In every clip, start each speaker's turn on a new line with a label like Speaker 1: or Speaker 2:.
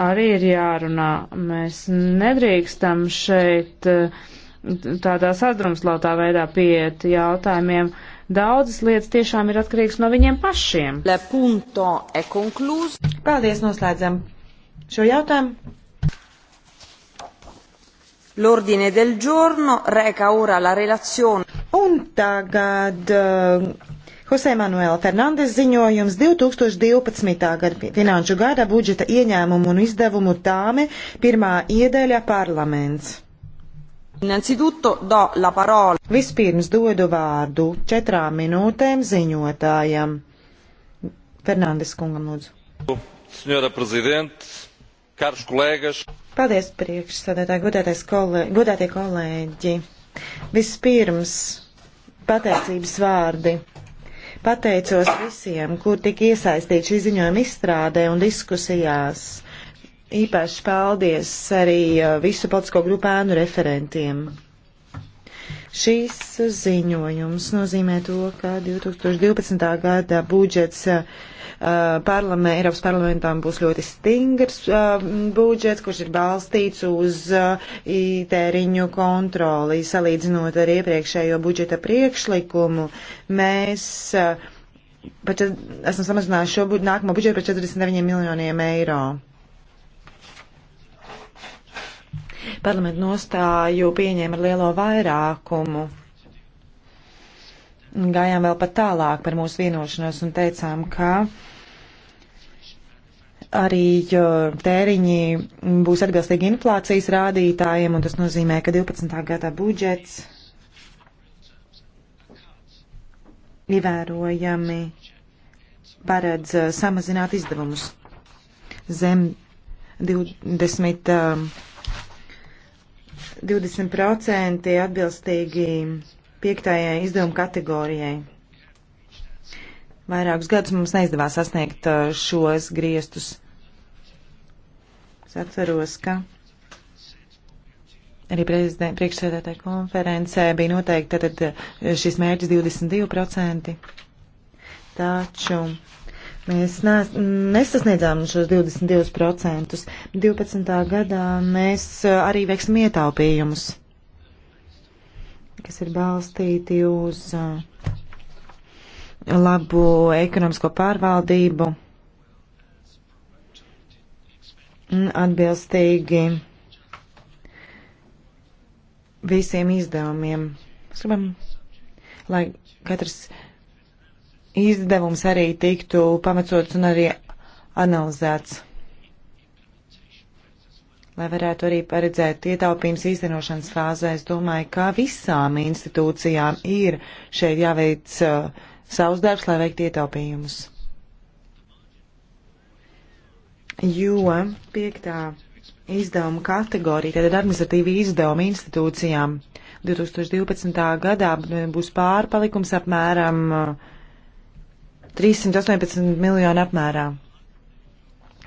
Speaker 1: arī ir jārunā. Mēs nedrīkstam šeit eh, tādā sadrumslautā veidā pieiet jautājumiem. Daudzas lietas tiešām ir atkarīgas no viņiem pašiem. Paldies, noslēdzam šo jautājumu. L'ordine del giorno
Speaker 2: reca ora la relazione.
Speaker 3: Un tagad uh, Jose Manuela Fernandes ziņojums 2012. gada finanšu gada budžeta ieņēmumu un izdevumu tāme pirmā iedaļa parlaments.
Speaker 4: Innanzitutto do la parola. Vispirms
Speaker 3: dodu vārdu četrām minūtēm ziņotājam. Fernandes kungam lūdzu. Senjora prezident,
Speaker 1: karš kolēgas.
Speaker 3: Paldies priekšsādētāji, godētais kolēģi, godētie kolēģi. Vispirms pateicības vārdi Pateicos visiem, kur tik iesaistīti šī ziņojuma izstrādē un diskusijās. Īpaši paldies arī visu politisko grupu ēnu referentiem. Šīs ziņojums nozīmē to, ka 2012. gada budžets uh, Eh, parlamentā, Eiropas parlamentām būs ļoti stingrs eh, budžets, kurš ir balstīts uz eh, tēriņu kontroli. Salīdzinot ar iepriekšējo budžeta priekšlikumu, mēs pat, esam samazinājuši šo bu nākamo budžetu par 49 miljoniem eiro. Parlamentu nostāju pieņēma ar lielo vairākumu. Gājām vēl pat tālāk par mūsu vienošanos un teicām, ka uh, arī tēriņi būs atbilstīgi inflācijas rādītājiem, un tas nozīmē, ka 12. gada budžets ievērojami paredz uh, samazināt izdevumus zem 20, 20% um, atbilstīgi piektajai izdevuma kategorijai. Vairākus gadus mums neizdevās sasniegt uh, šos griestus. Es atceros, ka arī priekšsēdētāja konferencē bija noteikti tad uh, šis mērķis 22%. Taču mēs nes, nesasniedzām šos 22%. 12. gadā mēs uh, arī veiksim ietaupījumus, kas ir balstīti uz labu ekonomisko pārvaldību atbilstīgi visiem izdevumiem. Mēs gribam, lai katrs izdevums arī tiktu pamatots un arī analizēts, lai varētu arī paredzēt ietaupījums īstenošanas fāzē. Es domāju, ka visām institūcijām ir šeit jāveic uh, savus darbus, lai veiktu ietaupījumus. Jo piektā izdevuma kategorija, tātad administratīvi izdevumi institūcijām 2012. gadā būs pārpalikums apmēram 318 uh, miljonu apmērā.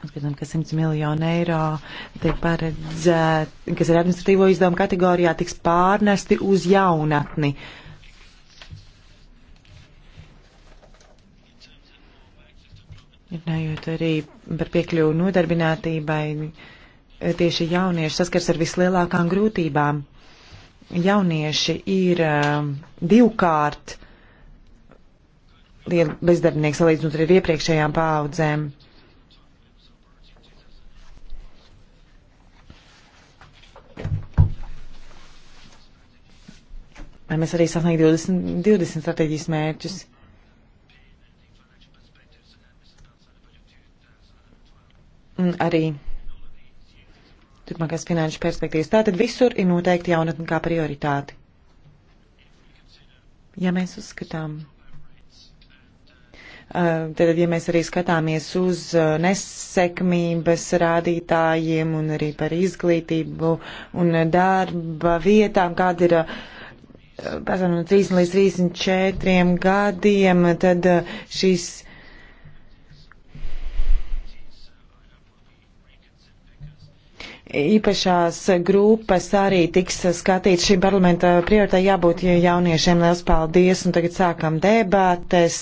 Speaker 3: Skatām, ka 100 miljonu eiro tiek paredzēt, kas ir administratīvo izdevumu kategorijā, tiks pārnesti uz jaunatni. Uh, Runājot arī par piekļuvu nodarbinātībai, tieši jaunieši saskars ar vislielākām grūtībām. Jaunieši ir uh, divkārt bezdarbnieks salīdzinot ar iepriekšējām paaudzēm. Vai mēs arī sasniegt 20, 20 strateģijas mērķus? Mm. un arī turpmākās finanšu perspektīvas. Tātad visur ir noteikti jaunatni kā prioritāti. Ja mēs uzskatām, tad, ja mēs arī skatāmies uz nesekmības rādītājiem un arī par izglītību un darba vietām, kāda ir personu no 3 līdz 34 gadiem, tad šīs īpašās grupas arī tiks skatīt šī parlamenta prioritāte jābūt jauniešiem. Liels paldies! Un tagad sākam debātes.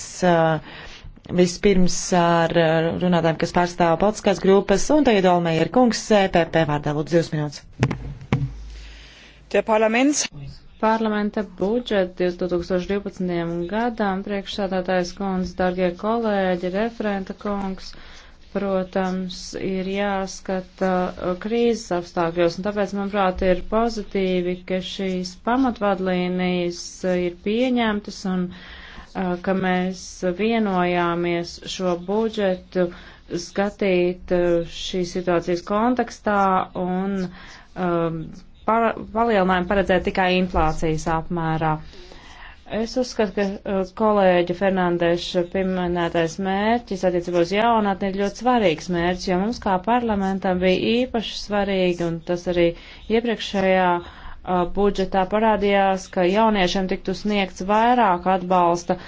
Speaker 3: Vispirms ar runātājiem, kas pārstāv politiskās grupas, un tagad Olmeja ir kungs, PP e vārdā lūdzu 2 minūtes.
Speaker 1: Tie parlaments. Parlamenta budžeta 2012. gadām priekšsādātājs kungs, dargie kolēģi, referenta kungs protams, ir jāskata uh, krīzes apstākļos, un tāpēc, manuprāt, ir pozitīvi, ka šīs pamatvadlīnijas uh, ir pieņemtas un uh, ka mēs vienojāmies šo budžetu skatīt šīs situācijas kontekstā un um, par, palielinājumu paredzēt tikai inflācijas apmērā. Uh, Es uzskatu, ka uh, kolēģa Fernandeša pieminētais mērķis attiecībā uz jaunatni ir ļoti svarīgs mērķis, jo mums kā parlamentam bija īpaši svarīgi, un tas arī iepriekšējā uh, budžetā parādījās, ka jauniešiem tiktu sniegts vairāk atbalsta uh,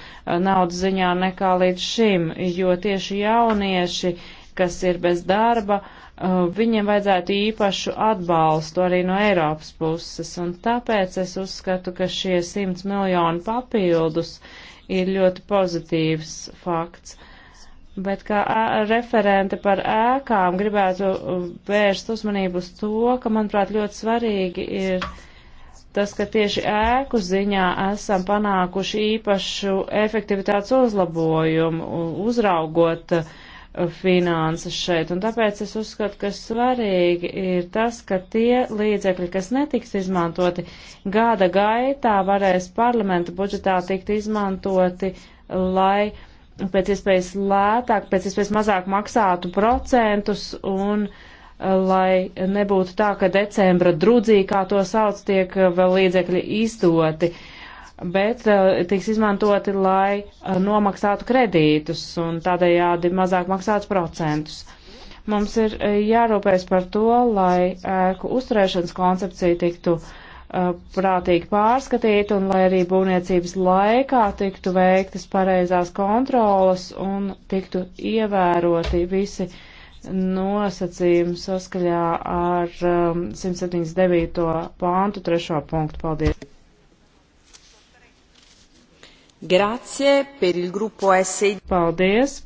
Speaker 1: naudas ziņā nekā līdz šim, jo tieši jaunieši kas ir bez darba, uh, viņiem vajadzētu īpašu atbalstu arī no Eiropas puses. Un tāpēc es uzskatu, ka šie 100 miljoni papildus ir ļoti pozitīvs fakts. Bet kā referente par ēkām gribētu uh, vērst uzmanību uz to, ka, manuprāt, ļoti svarīgi ir tas, ka tieši ēku ziņā esam panākuši īpašu efektivitātes uzlabojumu, uzraugot uh, finanses šeit. Un tāpēc es uzskatu, ka svarīgi ir tas, ka tie līdzekļi, kas netiks izmantoti gada gaitā, varēs parlamenta budžetā tikt izmantoti, lai pēc iespējas lētāk, pēc iespējas mazāk maksātu procentus un eh, lai nebūtu tā, ka decembra drudzī, kā to sauc, tiek eh, vēl līdzekļi izdoti. Uh, bet eh, tiks izmantoti, lai eh, nomaksātu kredītus un tādējādi mazāk maksātu procentus. Mums ir eh, jārūpēs par to, lai ēku uzturēšanas koncepcija tiktu uh, prātīgi pārskatīt un lai arī būvniecības laikā tiktu veiktas pareizās kontrolas un tiktu ievēroti visi nosacījumi saskaļā ar um, 179. pāntu trešo punktu. Paldies!
Speaker 2: Grazie per il grupo SID.
Speaker 1: Paldies.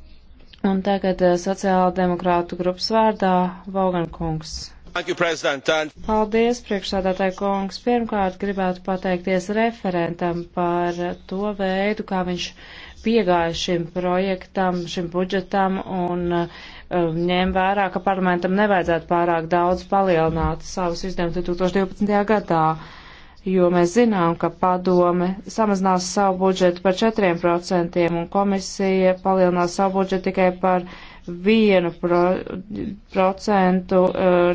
Speaker 1: Un tagad eh, sociāla demokrātu grupas vārdā Vaugan
Speaker 4: kungs. You, Paldies,
Speaker 1: priekšsādātāji kungs. Pirmkārt, gribētu pateikties referentam par to veidu, kā viņš piegāja šim projektam, šim budžetam un uh, ņēma vērā, ka parlamentam nevajadzētu pārāk daudz palielināt savus izdevumus 2012. gadā jo mēs zinām, ka padome samazinās savu budžetu par 4% un komisija palielinās savu budžetu tikai par 1% eh,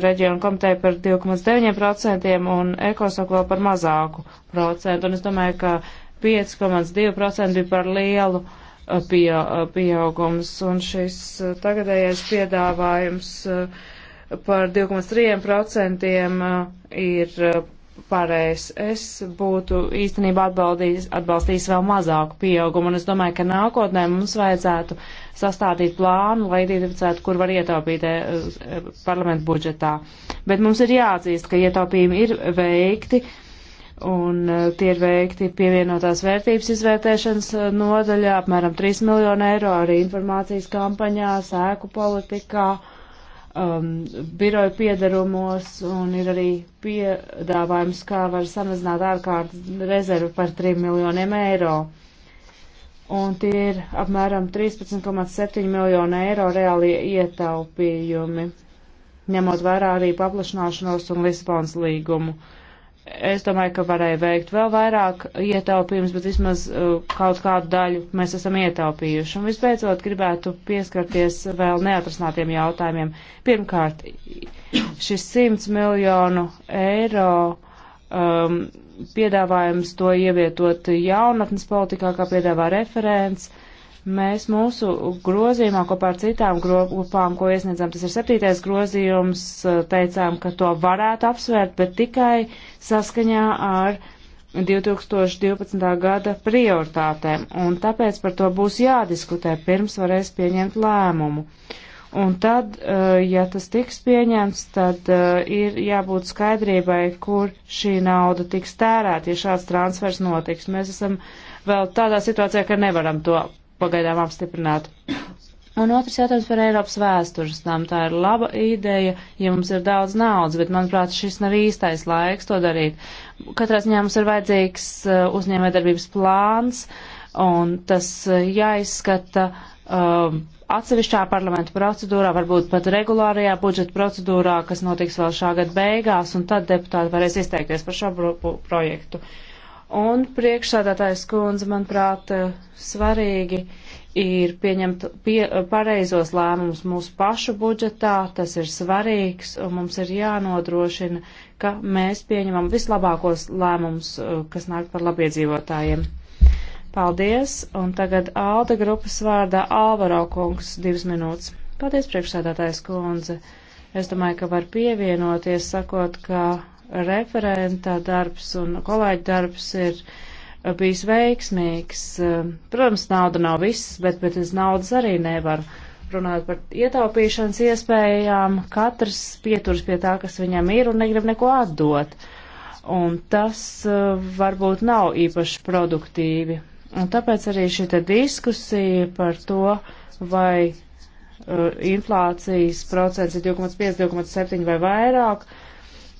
Speaker 1: reģionu komiteju par 2,9% un ekosoku vēl par mazāku procentu. Un es domāju, ka 5,2% bija par lielu eh, pie, eh, pieaugums un šis tagadējais piedāvājums par 2,3% ir pareizs. Es būtu īstenībā atbalstījis vēl mazāku pieaugumu, un es domāju, ka nākotnē mums vajadzētu sastādīt plānu, lai identificētu, kur var ietaupīt eh, eh, parlamentu budžetā. Bet mums ir jāatzīst, ka ietaupījumi ir veikti, un eh, tie ir veikti pievienotās vērtības izvērtēšanas nodaļā, apmēram 3 miljonu eiro, arī informācijas kampaņā, sēku politikā um, biroju piedarumos un ir arī piedāvājums, kā var samazināt ārkārtas rezervi par 3 miljoniem eiro. Un tie ir apmēram 13,7 miljonu eiro reālie ietaupījumi, ņemot vērā arī paplašināšanos un Lisbonas līgumu. Uh, Es domāju, ka varēja veikt vēl vairāk ietaupījums, bet vismaz uh, kaut kādu daļu mēs esam ietaupījuši. Un visbeidzot, gribētu pieskarties vēl neatrasinātiem jautājumiem. Pirmkārt, šis 100 miljonu eiro um, piedāvājums to ievietot jaunatnes politikā, kā piedāvā referents. Uh, Mēs mūsu grozījumā kopā ar citām grupām, ko iesniedzām, tas ir septītais grozījums, eh, teicām, ka to varētu apsvērt, bet tikai saskaņā ar 2012. gada prioritātēm, un tāpēc par to būs jādiskutē, pirms varēs pieņemt lēmumu. Un tad, eh, ja tas tiks pieņemts, tad eh, ir jābūt skaidrībai, kur šī nauda tiks tērēta, ja šāds transfers notiks. Mēs esam vēl tādā situācijā, ka nevaram to pagaidām apstiprināta. Un otrs jautājums par Eiropas vēstures namu. Tā ir laba ideja, ja mums ir daudz naudas, bet, manuprāt, šis nav īstais laiks to darīt. Katrā ziņā mums ir vajadzīgs uh, uzņēmējdarbības plāns, un tas uh, jāizskata um, atsevišķā parlamentu procedūrā, varbūt pat regulārajā budžeta procedūrā, kas notiks vēl šā gada beigās, un tad deputāti varēs izteikties par šo pro projektu. Uh, Un priekšsādātājs kundze, manuprāt, svarīgi ir pieņemt pie, pareizos lēmumus mūsu pašu budžetā, tas ir svarīgs, un mums ir jānodrošina, ka mēs pieņemam vislabākos lēmumus, kas nāk par labiedzīvotājiem. Paldies, un tagad Alda grupas vārdā Alvaro kungs divas minūtes. Paldies, priekšsēdētājs kundze. Es domāju, ka var pievienoties, sakot, ka referenta darbs un kolēģa darbs ir bijis veiksmīgs. Protams, nauda nav viss, bet, bet bez naudas arī nevar runāt par ietaupīšanas iespējām. Katrs pieturas pie tā, kas viņam ir un negrib neko atdot. Un tas eh, varbūt nav īpaši produktīvi. Un tāpēc arī šī diskusija par to, vai eh, inflācijas procents ir 2,5, 2,7 vai vairāk, uh,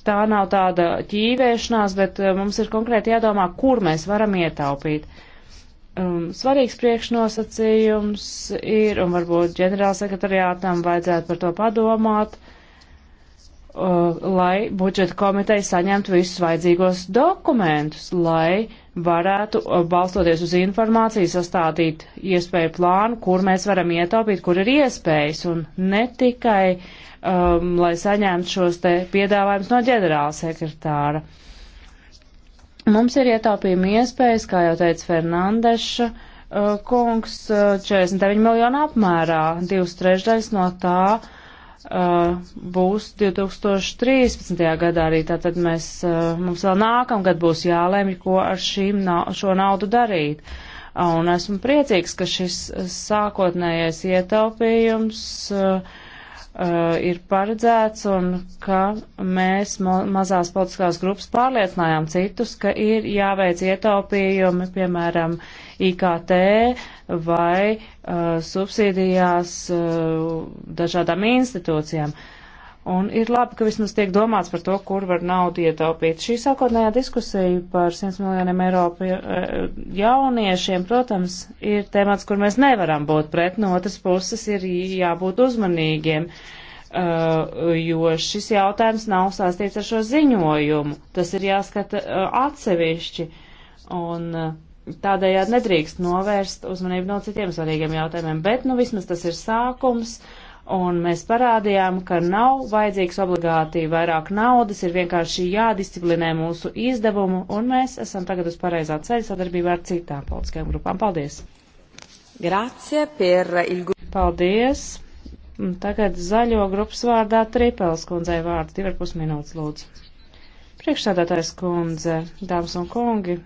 Speaker 1: tā nav tāda ķīvēšanās, bet eh, mums ir konkrēti jādomā, kur mēs varam ietaupīt. Um, svarīgs priekšnosacījums ir, un varbūt ģenerālsekretariātam vajadzētu par to padomāt, uh, lai budžeta komiteja saņemtu visus vajadzīgos dokumentus, lai varētu, uh, balstoties uz informāciju, sastādīt iespēju plānu, kur mēs varam ietaupīt, kur ir iespējas, un ne tikai uh, um, lai saņemtu šos te piedāvājumus no ģenerāla sekretāra. Mums ir ietaupījumi iespējas, kā jau teica Fernandeša uh, kungs, uh, 49 miljonu apmērā, divas trešdaļas no tā uh, būs 2013. gadā arī. Tātad mēs, uh, mums vēl nākamgad būs jālēmj, ko ar šīm, na šo naudu darīt. Uh, un esmu priecīgs, ka šis sākotnējais ietaupījums uh, uh, ir paredzēts un ka mēs mazās politiskās grupas pārliecinājām citus, ka ir jāveic ietaupījumi, piemēram, IKT vai uh, subsīdijās uh, dažādām institūcijām. Uh, Un ir labi, ka vismaz tiek domāts par to, kur var naudu ietaupīt. Šī sākotnējā diskusija par 100 miljoniem eiro eh, jauniešiem, protams, ir temats, kur mēs nevaram būt pret, no otras puses ir jābūt uzmanīgiem, eh, jo šis jautājums nav sāstīts ar šo ziņojumu. Tas ir jāskata eh, atsevišķi. Un, Tādējādi nedrīkst novērst uzmanību no citiem svarīgiem jautājumiem, bet nu vismaz tas ir sākums. Uh, un mēs parādījām, ka nav vajadzīgs obligāti vairāk naudas, ir vienkārši jādisciplinē mūsu izdevumu, un mēs esam tagad uz pareizā ceļa sadarbībā ar citām politiskajām grupām. Paldies! Grazie per il Paldies! Un tagad zaļo grupas vārdā Tripels kundzei vārds, divi ar pus minūtes lūdzu. Priekšsādātājs kundze, dāmas un kungi,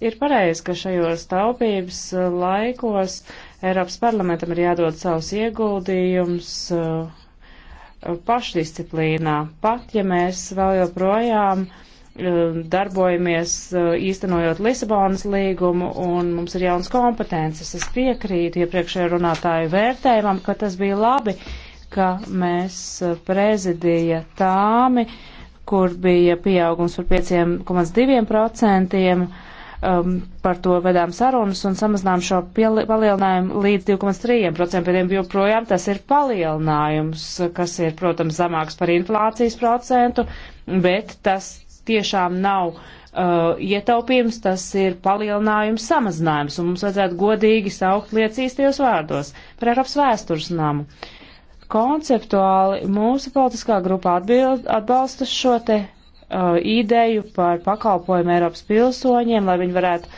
Speaker 1: ir pareizi, ka šajos taupības laikos Eiropas parlamentam ir jādod savus ieguldījums uh, pašdisciplīnā, pat ja mēs vēl joprojām uh, darbojamies uh, īstenojot Lisabonas līgumu un mums ir jaunas kompetences. Es piekrītu iepriekšējo runātāju vērtējumam, ka tas bija labi, ka mēs prezidija tāmi, kur bija pieaugums par 5,2% um, par to vedām sarunas un samazinām šo palielinājumu līdz 2,3%. Joprojām tas ir palielinājums, kas ir, protams, zamāks par inflācijas procentu, bet tas tiešām nav uh, ietaupījums, tas ir palielinājums, samazinājums, un mums vajadzētu godīgi saukt lietas īstajos vārdos par Eiropas vēstures namu. Konceptuāli mūsu politiskā grupa atbild, atbalsta šo te uh, ideju par pakalpojumu Eiropas pilsoņiem, lai viņi varētu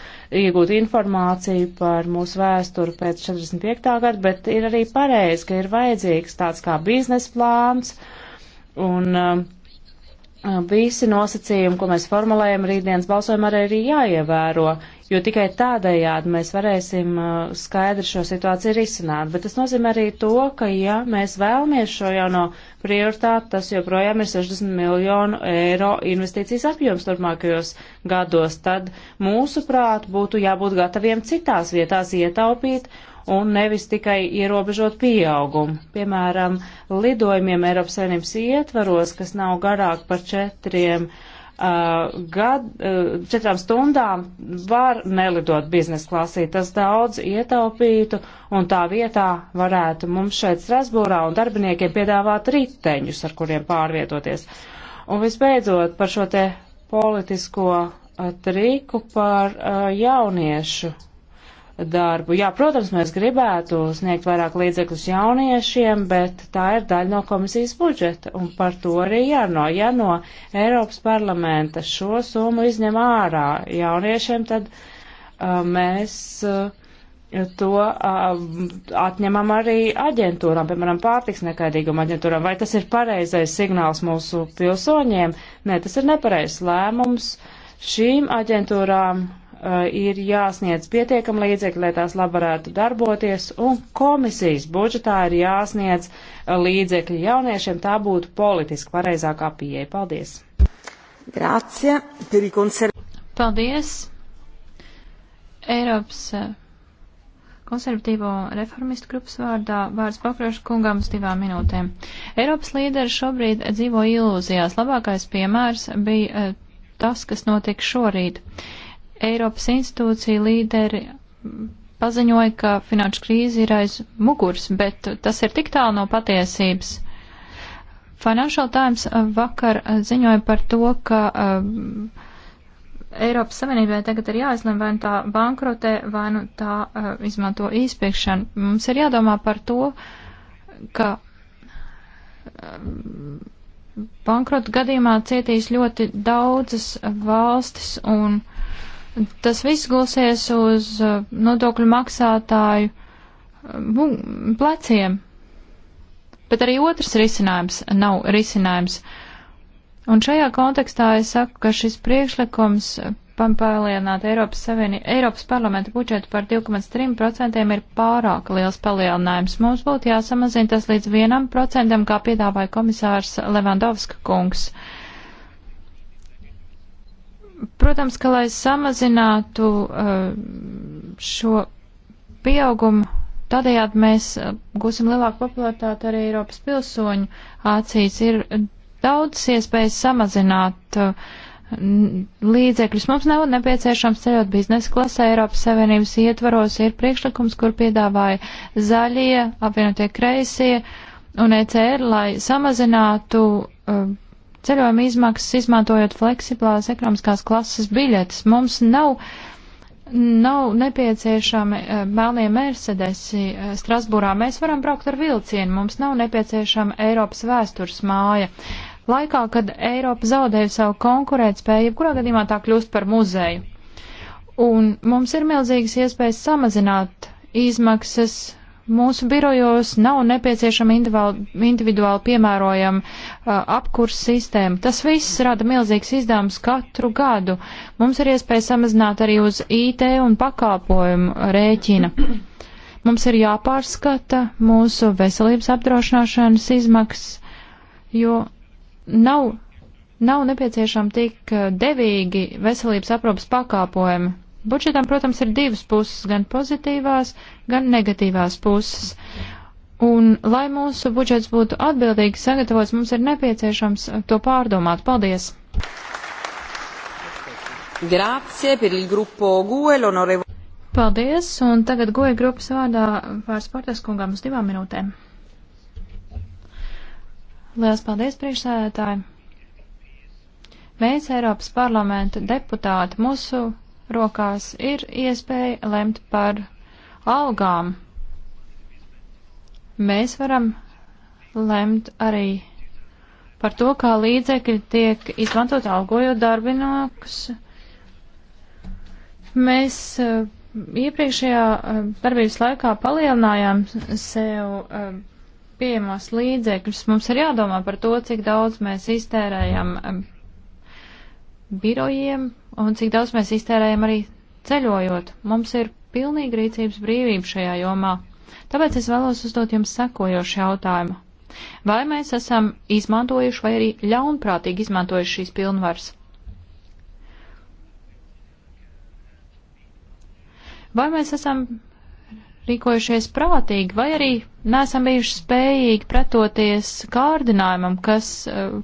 Speaker 1: iegūt informāciju par mūsu vēsturi pēc 45. gada, bet ir arī pareizi, ka ir vajadzīgs tāds kā biznesa plāns un um, uh, visi nosacījumi, ko mēs formulējam rītdienas balsojumā, arī ir jāievēro, jo tikai tādējādi mēs varēsim uh, skaidri šo situāciju risināt. Bet tas nozīmē arī to, ka, ja mēs vēlamies šo jauno prioritāti, tas joprojām ir 60 miljonu eiro investīcijas apjoms turpmākajos gados, tad mūsuprāt būtu jābūt gataviem citās vietās ietaupīt un nevis tikai ierobežot pieaugumu. Piemēram, lidojumiem Eiropas Savienības ietvaros, kas nav garāk par četriem. Uh, Uh, gad, uh, četrām stundām var nelidot biznesa klasī. Tas daudz ietaupītu un tā vietā varētu mums šeit Strasbūrā un darbiniekiem piedāvāt riteņus, ar kuriem pārvietoties. Un visbeidzot par šo te politisko uh, triku par jauniešu darbu. Jā, protams, mēs gribētu sniegt vairāk līdzekļus jauniešiem, bet tā ir daļa no komisijas budžeta, un par to arī jārunā. Ja no Eiropas parlamenta šo summu izņem ārā jauniešiem, tad uh, mēs. Uh, To uh, atņemam arī aģentūram, piemēram, pārtiks nekaidīguma aģentūram. Vai tas ir pareizais signāls mūsu pilsoņiem? Nē, tas ir nepareizs lēmums. Šīm aģentūrām Eh, ir jāsniedz pietiekam līdzekļi, lai tās labi varētu darboties, un komisijas budžetā ir jāsniedz eh, līdzekļi jauniešiem. Tā būtu politiski
Speaker 5: pareizākā pieeja. Paldies! Grācija, perikonser... Paldies! Eiropas eh, konservatīvo reformistu grupas vārdā vārds pakrošu kungam uz divām minūtēm. Eiropas līderi šobrīd dzīvo ilūzijās. Labākais piemērs bija tas, kas notika šorīt. Uh, Eiropas institūcija līderi paziņoja, ka finanšu krīze ir aiz muguras, bet tas ir tik tālu no patiesības. Financial Times vakar ziņoja par to, ka uh, Eiropas Savienībai tagad ir jāizlem, vai nu tā bankrotē, vai nu tā uh, izmanto īspiekšanu. Mums ir jādomā par to, ka uh, um, bankrotu gadījumā cietīs ļoti daudzas valstis un Tas viss gulsies uz uh, nodokļu maksātāju um, pleciem. Bet arī otrs risinājums nav risinājums. Un šajā kontekstā es saku, ka šis priekšlikums palielināt Eiropas, Savieni, Eiropas parlamenta budžetu par 2,3% ir pārāk liels palielinājums. Mums būtu jāsamazina tas līdz 1%, kā piedāvāja komisārs Levandovska kungs. Uh, Protams, ka lai samazinātu eh, šo pieaugumu, tādējādi mēs eh, gūsim lielāku popularitāti arī Eiropas pilsoņu acīs. Ir daudz iespējas samazināt eh, līdzekļus. Mums nav nepieciešams ceļot biznesa klasē Eiropas Savienības ietvaros. Ir priekšlikums, kur piedāvāja zaļie, apvienotie kreisie un ECR, lai samazinātu uh, ceļojuma izmaksas, izmantojot fleksiblās ekonomiskās klases biļetes. Mums nav, nav nepieciešami eh, melnie Mercedesi eh, Strasbūrā. Mēs varam braukt ar vilcienu, mums nav nepieciešama Eiropas vēstures māja. Laikā, kad Eiropa zaudēja savu konkurētspēju, jebkurā gadījumā tā kļūst par muzeju. Un mums ir milzīgas iespējas samazināt izmaksas Mūsu birojos nav nepieciešama individuāli piemērojama uh, apkurs sistēma. Tas viss rada milzīgs izdevums katru gadu. Mums ir iespēja samazināt arī uz IT un pakalpojumu rēķina. Mums ir jāpārskata mūsu veselības apdrošināšanas izmaksas, jo nav, nav nepieciešama tik uh, devīgi veselības aprūpas pakalpojumi. Budžetam, protams, ir divas puses, gan pozitīvās, gan negatīvās puses. Un, lai mūsu budžets būtu atbildīgi sagatavots, mums ir nepieciešams to pārdomāt. Paldies!
Speaker 2: Grazie per il gruppo GUE, l'onorevole.
Speaker 5: Paldies, un tagad GUE grupas vārdā vārds Portes kungam uz divām minūtēm. Lielas paldies, priekšsēdētāji! Mēs, Eiropas parlamenta deputāti, mūsu rokās ir iespēja lemt par algām. Mēs varam lemt arī par to, kā līdzekļi tiek izmantot algojot darbinokus. Mēs uh, iepriekšējā uh, darbības laikā palielinājām sev uh, pieejamos līdzekļus. Mums ir jādomā par to, cik daudz mēs iztērējam birojiem, un cik daudz mēs iztērējam arī ceļojot. Mums ir pilnīgi rīcības brīvība šajā jomā. Tāpēc es vēlos uzdot jums sekojošu jautājumu. Vai mēs esam izmantojuši vai arī ļaunprātīgi izmantojuši šīs pilnvaras? Vai mēs esam rīkojušies prātīgi, vai arī neesam bijuši spējīgi pretoties kārdinājumam, kas uh,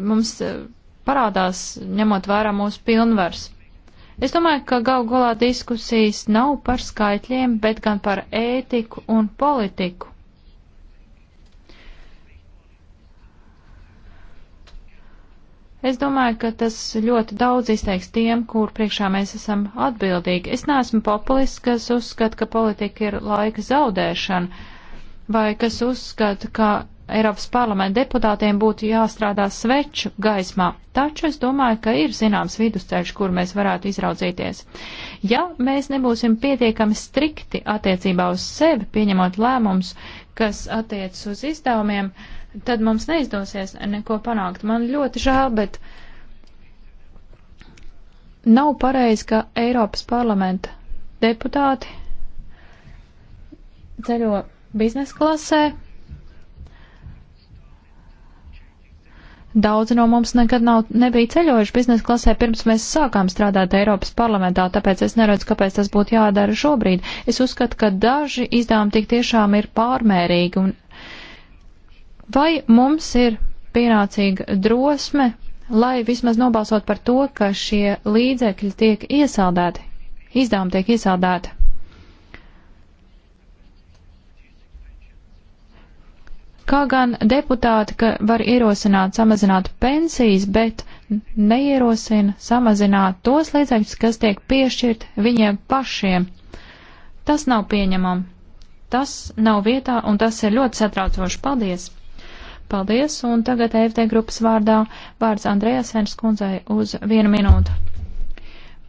Speaker 5: mums uh, parādās, ņemot vērā mūsu pilnvars. Es domāju, ka gal galā diskusijas nav par skaitļiem, bet gan par ētiku un politiku. Es domāju, ka tas ļoti daudz izteiks tiem, kur priekšā mēs esam atbildīgi. Es neesmu populists, kas uzskata, ka politika ir laika zaudēšana, vai kas uzskata, ka Eiropas parlamenta deputātiem būtu jāstrādā sveču gaismā, taču es domāju, ka ir zināms vidusceļš, kur mēs varētu izraudzīties. Ja mēs nebūsim pietiekami strikti attiecībā uz sevi, pieņemot lēmums, kas attiecas uz izdevumiem, tad mums neizdosies neko panākt. Man ļoti žēl, bet nav pareizi, ka Eiropas parlamenta deputāti ceļo biznesa klasē, Daudzi no mums nekad nav, nebija ceļojuši biznesa klasē pirms mēs sākām strādāt Eiropas parlamentā, tāpēc es neredzu, kāpēc tas būtu jādara šobrīd. Es uzskatu, ka daži izdevumi tik tiešām ir pārmērīgi. Un vai mums ir pienācīga drosme, lai vismaz nobalsot par to, ka šie līdzekļi tiek iesaldēti, izdevumi tiek iesaldēti? Kā gan deputāti, ka var ierosināt samazināt pensijas, bet neierosina samazināt tos līdzekļus, kas tiek piešķirt viņiem pašiem. Tas nav pieņemam. Tas nav vietā un tas ir ļoti satraucoši. Paldies! Paldies, un tagad EFT grupas vārdā vārds Andrējas Sēnas kundzei uz vienu minūtu.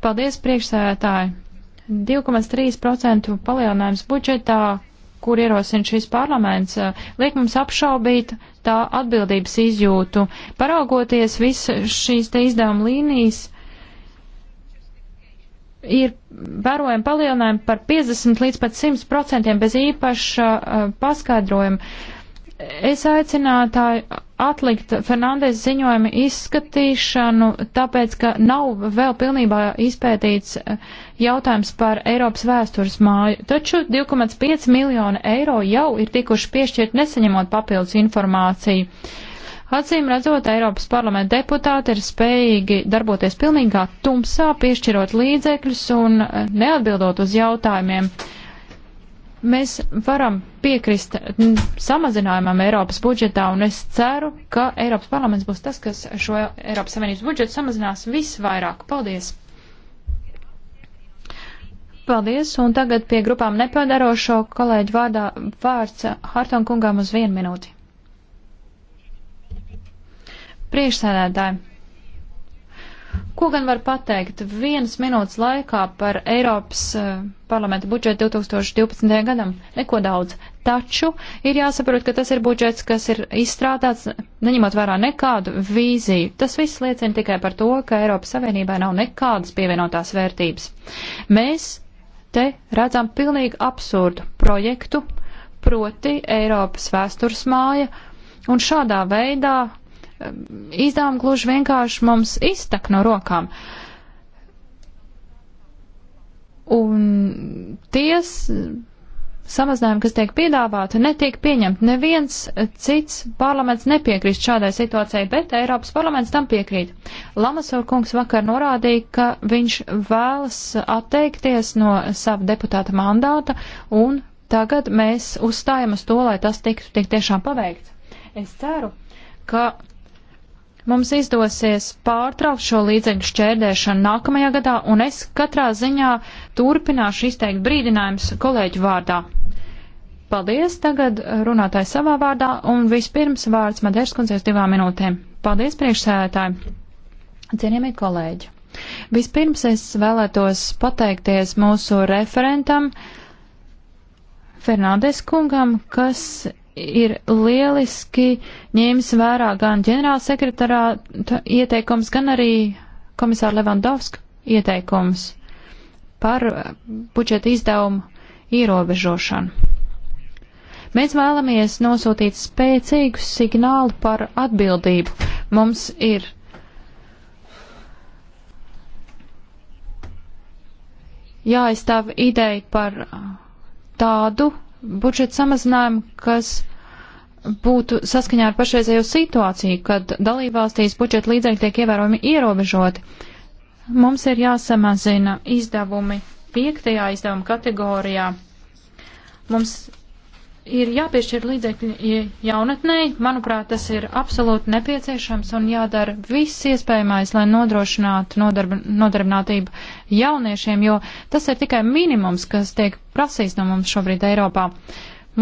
Speaker 5: Paldies, priekšsēdētāji! 2,3% palielinājums budžetā kur ierosina šis parlaments, eh, liek mums apšaubīt tā atbildības izjūtu. Paraugoties visas šīs te izdevuma līnijas, ir vērojami palielinājumi par 50 līdz pat 100 procentiem bez īpaša uh, paskaidrojuma. Es aicinātāju atlikt Fernandes ziņojuma izskatīšanu, tāpēc, ka nav vēl pilnībā izpētīts eh, jautājums par Eiropas vēstures māju. Taču 2,5 miljonu eiro jau ir tikuši piešķirt nesaņemot papildus informāciju. Acīm redzot, Eiropas parlamenta deputāti ir spējīgi darboties pilnīgā tumsā, piešķirot līdzekļus un eh, neatbildot uz jautājumiem. Uh, mēs varam piekrist samazinājumam Eiropas budžetā, un es ceru, ka Eiropas parlaments būs tas, kas šo Eiropas Savienības budžetu samazinās visvairāk. Paldies! Paldies, un tagad pie grupām nepadarošo kolēģu vārdā vārds Harton kungām uz vienu minūti. Priekšsēdētāji, Ko gan var pateikt vienas minūtes laikā par Eiropas uh, parlamenta budžetu 2012. gadam? Neko daudz. Taču ir jāsaprot, ka tas ir budžets, kas ir izstrādāts, neņemot vērā nekādu vīziju. Tas viss liecina tikai par to, ka Eiropas Savienībai nav nekādas pievienotās vērtības. Mēs te redzam pilnīgi absurdu projektu, proti Eiropas vēstures māja, un šādā veidā izdevumi gluži vienkārši mums iztak no rokām. Un ties samazinājumi, kas tiek piedāvāti, netiek pieņemti. Neviens cits parlaments nepiekrīst šādai situācijai, bet Eiropas parlaments tam piekrīt. Lamasaur kungs vakar norādīja, ka viņš vēlas atteikties no sava deputāta mandāta, un tagad mēs uzstājam uz to, lai tas tiktu tik tiešām paveikts. Es ceru, ka mums izdosies pārtraukt šo līdzekļu šķērdēšanu nākamajā gadā, un es katrā ziņā turpināšu izteikt brīdinājums kolēģu vārdā. Paldies, tagad runātājs savā vārdā, un vispirms vārds Madērs kundzēs divām minūtēm. Paldies, priekšsēdētāji! Cienījamie kolēģi! Vispirms es vēlētos pateikties mūsu referentam Fernandes kungam, kas ir lieliski ņēmis vērā gan ģenerāla sekretārā ieteikums, gan arī komisāra Levandovska ieteikums par uh, budžeta izdevumu ierobežošanu. Mēs vēlamies nosūtīt spēcīgu signālu par atbildību. Mums ir jāizstāv ideja par tādu budžeta samazinājumu, kas būtu saskaņā ar pašreizējo situāciju, kad dalībvalstīs budžeta līdzekļi tiek ievērojami ierobežoti. Mums ir jāsamazina izdevumi piektajā izdevuma kategorijā. Mums ir jāpiešķir līdzekļi jaunatnei. Manuprāt, tas ir absolūti nepieciešams un jādara viss iespējamais, lai nodrošinātu nodarb nodarbinātību jauniešiem, jo tas ir tikai minimums, kas tiek prasīts no mums šobrīd Eiropā.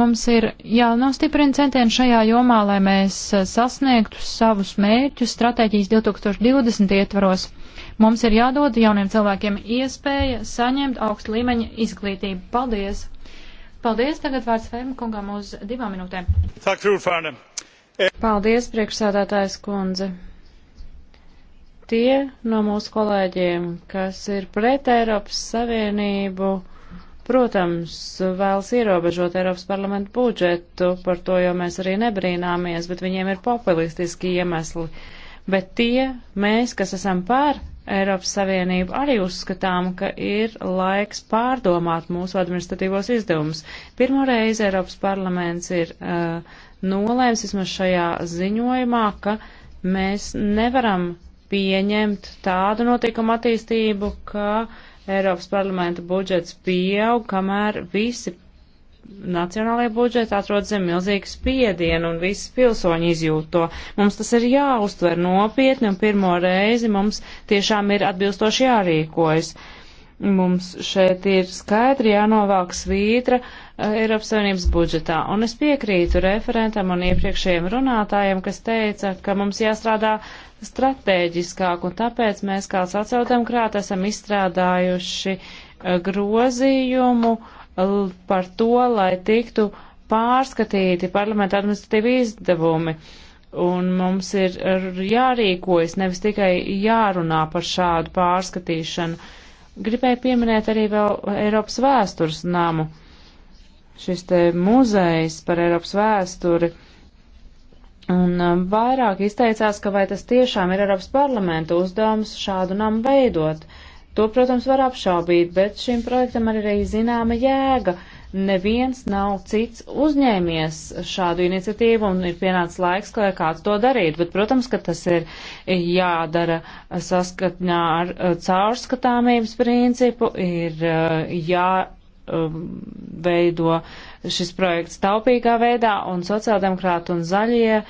Speaker 5: Mums ir jānostiprina centieni šajā jomā, lai mēs sasniegtu savus mērķus stratēģijas 2020 ietvaros. Mums ir jādod jauniem cilvēkiem iespēja saņemt augstu līmeņa izglītību. Paldies! Paldies, tagad vārds Fēma kungam uz divām
Speaker 4: minūtēm.
Speaker 5: E- Paldies, priekšsādātājs
Speaker 1: kundze. Tie no mūsu kolēģiem, kas ir pret Eiropas Savienību, protams, vēlas ierobežot Eiropas parlamentu budžetu, par to jau mēs arī nebrīnāmies, bet viņiem ir populistiski iemesli bet tie mēs, kas esam pār Eiropas Savienību, arī uzskatām, ka ir laiks pārdomāt mūsu administratīvos izdevumus. Pirmo reizi Eiropas parlaments ir uh, nolēms vismaz šajā ziņojumā, ka mēs nevaram pieņemt tādu notikumu attīstību, ka Eiropas parlamenta budžets pieaug, kamēr visi nacionālajie budžeti atrodas zem milzīgu spiedienu un visi pilsoņi izjūt to. Mums tas ir jāuztver nopietni un pirmo reizi mums tiešām ir atbilstoši jārīkojas. Mums šeit ir skaidri jānovāk svītra eh, Eiropas Savienības budžetā. Un es piekrītu referentam un iepriekšējiem runātājiem, kas teica, ka mums jāstrādā stratēģiskāk, un tāpēc mēs kā sociāldemokrāti esam izstrādājuši eh, grozījumu uh, par to, lai tiktu pārskatīti parlamenta administratīvi izdevumi. Un mums ir jārīkojas, nevis tikai jārunā par šādu pārskatīšanu. Gribēju pieminēt arī vēl Eiropas vēstures namu. Šis te muzejs par Eiropas vēsturi. Un um, vairāk izteicās, ka vai tas tiešām ir Eiropas parlamenta uzdevums šādu namu veidot. Uh, To, protams, var apšaubīt, bet šim projektam ir arī zināma jēga. Neviens nav cits uzņēmies šādu iniciatīvu un ir pienācis laiks, lai kāds to darītu. Bet, protams, ka tas ir jādara saskatņā ar uh, caurskatāmības principu, ir uh, jāveido um, šis projekts taupīgā veidā un sociāldemokrāti un zaļie uh,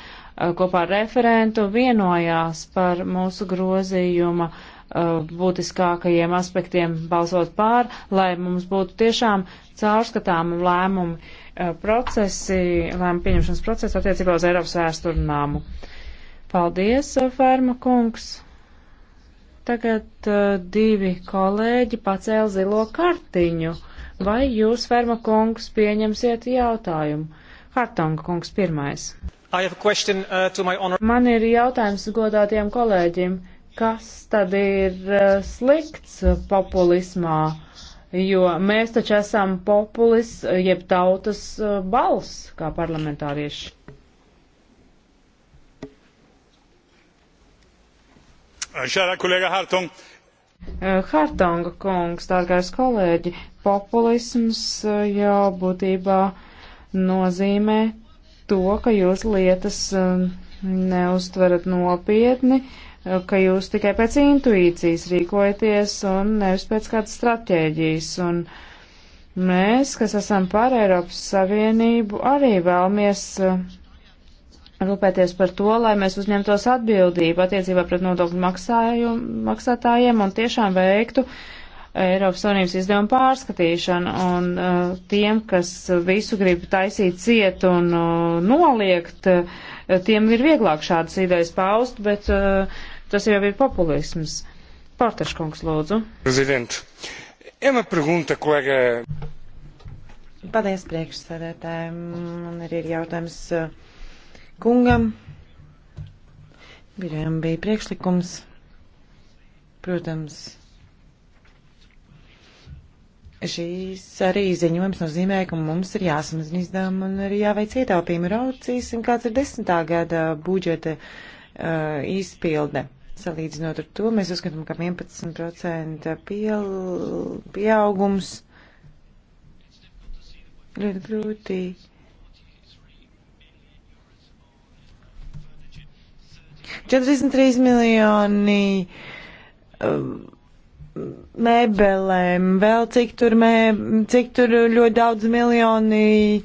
Speaker 1: kopā ar referentu vienojās par mūsu grozījuma uh, Uh, būtiskākajiem aspektiem balsot pār, lai mums būtu tiešām caurskatāmi lēmumi uh, procesi, lēmumu pieņemšanas procesi attiecībā uz Eiropas vēsturnāmu. Paldies, uh, Ferma kungs! Tagad uh, divi kolēģi pacēla zilo kartiņu. Vai jūs, Ferma kungs, pieņemsiet jautājumu? Hartonga kungs pirmais.
Speaker 3: Question, uh, honor...
Speaker 1: Man ir jautājums godātiem kolēģim. Uh, kas tad ir eh, slikts populismā, jo mēs taču esam populis, eh, jeb tautas eh, balss kā parlamentārieši.
Speaker 3: Kära kolēga Hartung.
Speaker 1: Hartunga kungs, dārgais kolēģi, populisms jau būtībā nozīmē to, ka jūs lietas neustverat nopietni, uh, ka jūs tikai pēc intuīcijas rīkojaties un nevis pēc kādas stratēģijas. Un mēs, kas esam par Eiropas Savienību, arī vēlamies eh, rūpēties par to, lai mēs uzņemtos atbildību attiecībā pret nodokļu maksātājiem un tiešām veiktu Eiropas Savienības izdevumu pārskatīšanu. Un uh, tiem, kas visu grib taisīt ciet un uh, noliegt, uh, tiem ir vieglāk šādas idejas paust, bet uh, Tas jau ir populisms. Portaškungs, lūdzu. Prezident, Ema pregunta, kolēga. Paldies priekšsēdētājiem.
Speaker 3: Man arī ir jautājums uh, kungam. Birojam bija priekšlikums. Protams, šīs arī ziņojums nozīmē, ka mums ir jāsamazina izdevumi un arī jāveic ietaupījumi. Raucīsim, kāds ir desmitā gada budžeta Uh, izpilde. Salīdzinot ar to, mēs uzskatām, ka 11% piel, pieaugums ļoti grūti. Četrdesmit trīs miljoni um, mēbelēm, vēl cik tur, mē, cik tur ļoti daudz miljoni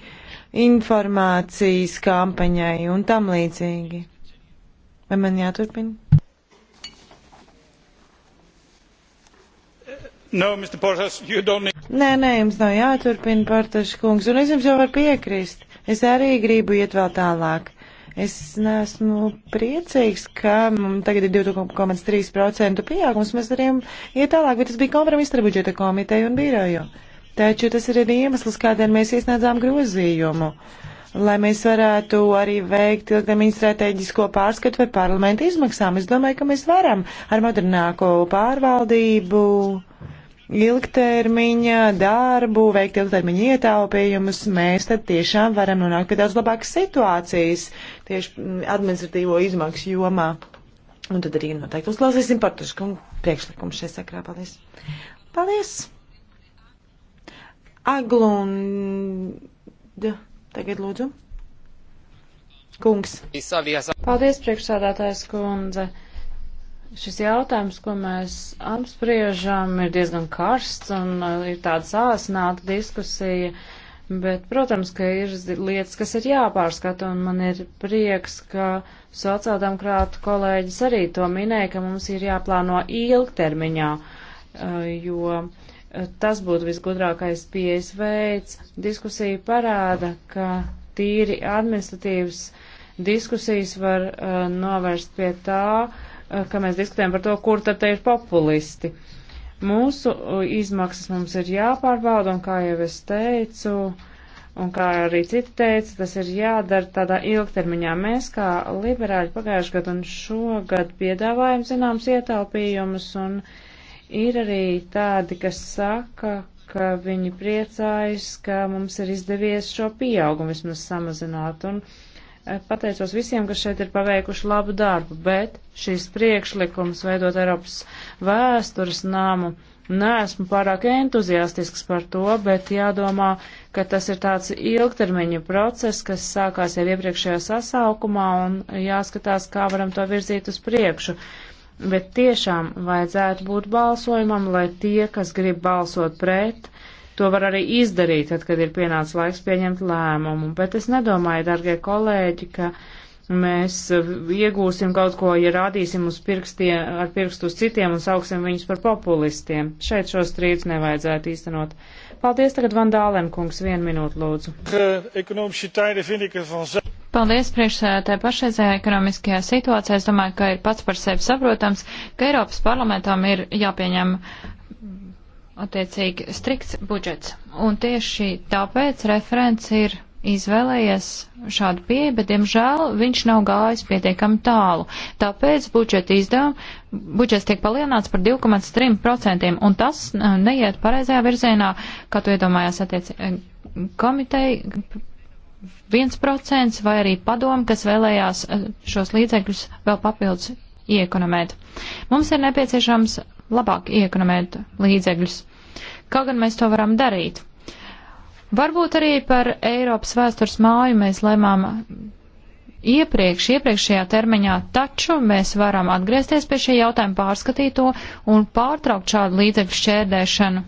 Speaker 3: informācijas kampaņai un tam līdzīgi. Vai man jāturpina?
Speaker 2: No,
Speaker 4: Mr. Portas, you don't need...
Speaker 3: Nē, nē, jums nav jāturpina, Portas kungs, un es jums jau varu piekrist. Es arī gribu iet vēl tālāk. Es neesmu priecīgs, ka mm, tagad ir 2,3% pieaugums. Mēs varējām iet tālāk, bet tas bija kompromiss ar budžeta komiteju un biroju. Taču tas ir arī iemesls, kādēļ mēs iesniedzām grozījumu. Uh, lai mēs varētu arī veikt ilgtermiņu strateģisko pārskatu par parlamentu izmaksām. Es domāju, ka mēs varam ar modernāko pārvaldību, ilgtermiņa darbu, veikt ilgtermiņa ietaupījumus. Mēs tad tiešām varam nonākt pie daudz labākas situācijas tieši mm, administratīvo izmaksu jomā. Un tad arī noteikti uzklausīsim par tuškumu priekšlikumu šajā sakrā. Paldies! Paldies! Aglund...
Speaker 1: Tagad lūdzu. Kungs. Paldies, priekšsādātājs kundze. Šis jautājums, ko mēs apspriežam, ir diezgan karsts un uh, ir tāda sāsināta diskusija, bet, protams, ka ir lietas, kas ir jāpārskata, un man ir prieks, ka sociāldemokrāta kolēģis arī to minēja, ka mums ir jāplāno ilgtermiņā, uh, jo Tas būtu visgudrākais pieejas veids. Diskusija parāda, ka tīri administratīvas diskusijas var uh, novērst pie tā, uh, ka mēs diskutējam par to, kur tad te ir populisti. Mūsu uh, izmaksas mums ir jāpārbauda, un kā jau es teicu, un kā arī citi teica, tas ir jādara tādā ilgtermiņā. Mēs kā liberāļi pagājušajā gadā un šogad piedāvājam zināms ietaupījumus un uh, Ir arī tādi, kas saka, ka viņi priecājas, ka mums ir izdevies šo pieaugumu vismaz samazināt. Un eh, pateicos visiem, kas šeit ir paveikuši labu darbu, bet šīs priekšlikums veidot Eiropas vēstures nāmu. Neesmu pārāk entuziastisks par to, bet jādomā, ka tas ir tāds ilgtermiņa process, kas sākās jau iepriekšējā sasaukumā un jāskatās, kā varam to virzīt uz priekšu. Uh, bet tiešām vajadzētu būt balsojumam, lai tie, kas grib balsot pret, to var arī izdarīt, tad, kad ir pienācis laiks pieņemt lēmumu. Bet es nedomāju, dargie kolēģi, ka mēs iegūsim kaut ko, ja rādīsim uz pirkstiem, ar pirkstu uz citiem un sauksim viņus par populistiem. Šeit šo strīdus nevajadzētu īstenot. Paldies tagad Vandālēm, kungs, vienu minūtu lūdzu.
Speaker 5: Paldies priekšsēdētāji pašreizējā ekonomiskajā situācijā. Es domāju, ka ir pats par sevi saprotams, ka Eiropas parlamentam ir jāpieņem attiecīgi strikts budžets. Un tieši tāpēc referents ir izvēlējies šādu pieeju, bet, diemžēl, viņš nav gājis pietiekami tālu. Tāpēc budžeta izdevumi, budžets tiek palielināts par 2,3%, un tas neiet pareizajā virzienā, kā to iedomājās attiec komiteja 1% vai arī padomu, kas vēlējās eh, šos līdzekļus vēl papildus iekonomēt. Mums ir nepieciešams labāk iekonomēt līdzekļus. Kaut gan mēs to varam darīt. Varbūt arī par Eiropas vēstures māju mēs lēmām iepriekš, iepriekšējā termiņā, taču mēs varam atgriezties pie šī jautājuma, pārskatīt to un pārtraukt šādu līdzekļu šķērdēšanu.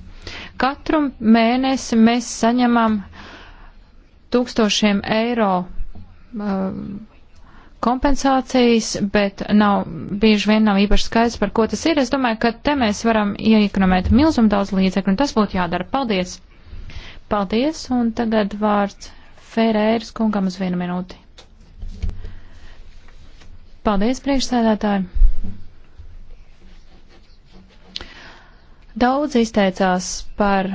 Speaker 5: Katru mēnesi mēs saņemam tūkstošiem eiro uh, kompensācijas, bet nav, bieži vien nav īpaši skaidrs, par ko tas ir. Es domāju, ka te mēs varam iekonomēt milzumu daudz līdzekļu, un tas būtu jādara. Paldies! Paldies, un tagad vārds Ferēras kungam uz vienu minūti. Paldies, priekšsēdētāji! Daudz izteicās par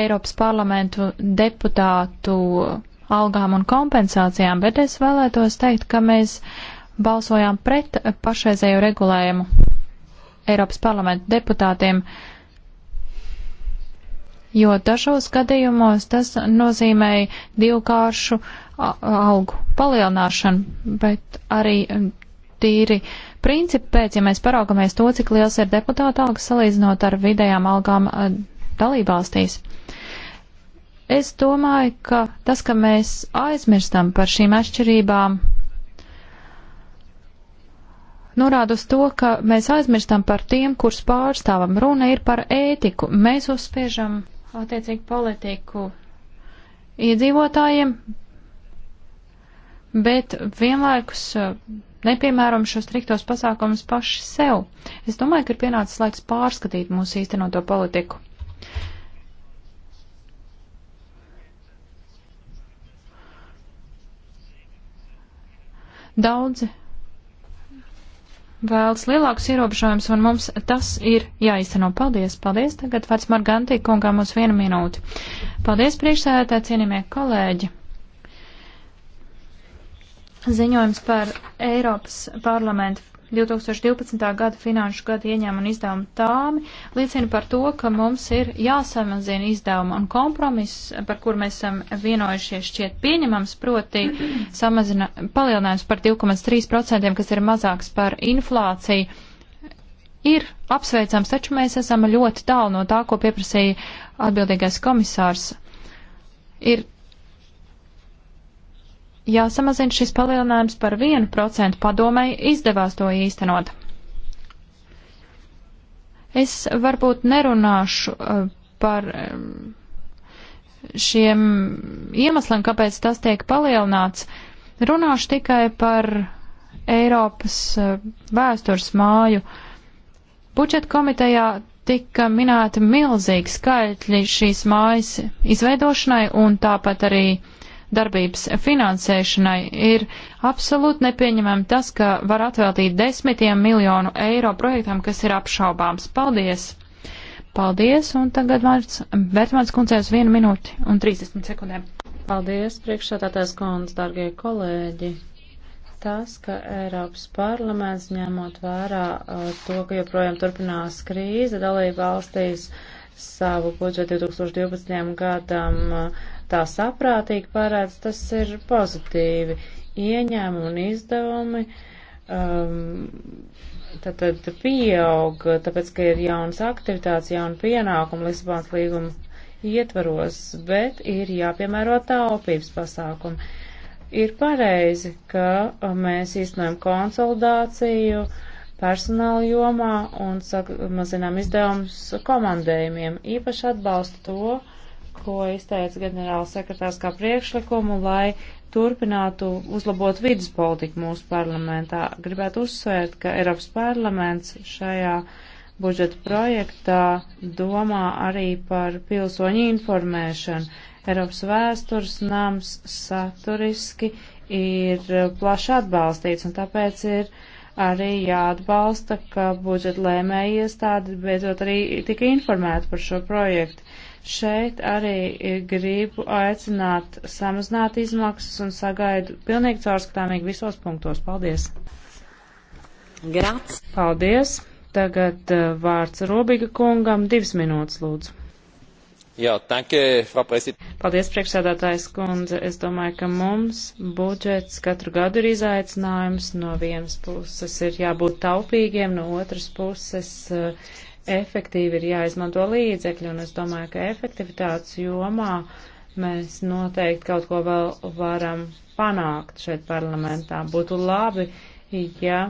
Speaker 5: Eiropas parlamentu deputātu algām un kompensācijām, bet es vēlētos teikt, ka mēs balsojām pret pašreizējo regulējumu Eiropas parlamentu deputātiem, jo dažos gadījumos tas nozīmēja divkāršu algu palielināšanu, bet arī um, tīri principi pēc, ja mēs paraugamies to, cik liels ir deputāta algas salīdzinot ar vidējām algām dalībvalstīs. Es domāju, ka tas, ka mēs aizmirstam par šīm atšķirībām, norāda uz to, ka mēs aizmirstam par tiem, kurus pārstāvam. Runa ir par ētiku. Mēs uzspiežam attiecīgi politiku iedzīvotājiem, bet vienlaikus eh, nepiemēram šos striktos pasākumus paši sev. Es domāju, ka ir pienācis laiks pārskatīt mūsu īstenoto politiku. Daudzi vēlas lielākus ierobežojumus, un mums tas ir jāizteno. Paldies, paldies. Tagad vārds Margantī kungām uz vienu minūti. Paldies, priekšsēdētāji, cienījamie kolēģi. Ziņojums par Eiropas parlamentu 2012. gada finanšu gada ieņēmuma un izdevuma tāmi liecina par to, ka mums ir jāsamazina izdevuma un kompromiss, par kur mēs esam vienojušies šķiet pieņemams, proti samazina, palielinājums par 2,3%, kas ir mazāks par inflāciju, ir apsveicams, taču mēs esam ļoti tālu no tā, ko pieprasīja atbildīgais komisārs. Ir jāsamazina šis palielinājums par 1%, padomēji izdevās to īstenot. Es varbūt nerunāšu uh, par um, šiem iemesliem, kāpēc tas tiek palielināts. Runāšu tikai par Eiropas uh, vēstures māju. Budžeta komitejā tika minēta milzīgi skaitļi šīs mājas izveidošanai un tāpat arī uh, darbības finansēšanai, ir absolūti nepieņemami tas, ka var atvēltīt desmitiem miljonu eiro projektam, kas ir apšaubāms. Paldies! Paldies, un tagad vārds Vērtmāns kundzei uz vienu minūti un 30 sekundēm.
Speaker 1: Paldies, priekšsādātājs kundze, dargie kolēģi. Tas, ka Eiropas parlaments ņemot vērā uh, to, ka joprojām turpinās krīze dalība valstīs savu budžetu 2012. gadam uh, tā saprātīgi parāds, tas ir pozitīvi. Ieņēmumi un izdevumi um, tad, tad pieaug, tāpēc, ka ir jaunas aktivitātes, jauna pienākuma Lisabons līguma ietvaros, bet ir jāpiemēro taupības pasākumi. Ir pareizi, ka uh, mēs īstenojam konsolidāciju, uh, personāla jomā un samazinām izdevumus komandējumiem. Īpaši atbalsta to, ko izteica ģenerāls sekretārs kā priekšlikumu, lai turpinātu uzlabot vidas politiku mūsu parlamentā. Gribētu uzsvērt, ka Eiropas parlaments šajā budžeta projektā domā arī par pilsoņu informēšanu. Eiropas vēstures nams saturiski ir plaši atbalstīts, un tāpēc ir arī jāatbalsta, ka budžeta lēmēja iestādi beidzot arī tika informēta par šo projektu. Šeit arī gribu aicināt samazināt izmaksas un sagaidu pilnīgi caurskatāmīgi visos punktos. Paldies! Grāts! Paldies! Tagad uh, vārds Robiga kungam. Divas minūtes, lūdzu.
Speaker 3: Jā, tanke, Frau President.
Speaker 1: Paldies, priekšsēdātājs kundze. Es domāju, ka mums budžets katru gadu ir izaicinājums. No vienas puses ir jābūt taupīgiem, no otras puses uh, efektīvi ir jāizmanto līdzekļi, un es domāju, ka efektivitātes jomā mēs noteikti kaut ko vēl varam panākt šeit parlamentā. Būtu labi, ja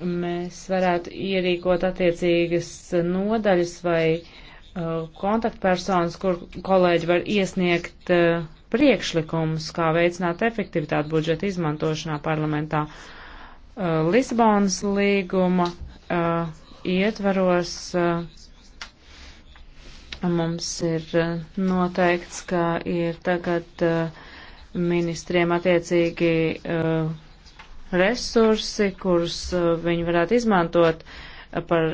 Speaker 1: mēs varētu ierīkot attiecīgas nodaļas vai uh, kontaktpersonas, kur kolēģi var iesniegt uh, priekšlikumus, kā veicināt efektivitāti budžeta izmantošanā parlamentā. Uh, Lisabonas līguma uh, ietvaros uh, mums ir uh, noteikts, ka ir tagad uh, ministriem attiecīgi resursi, kurus viņi varētu izmantot par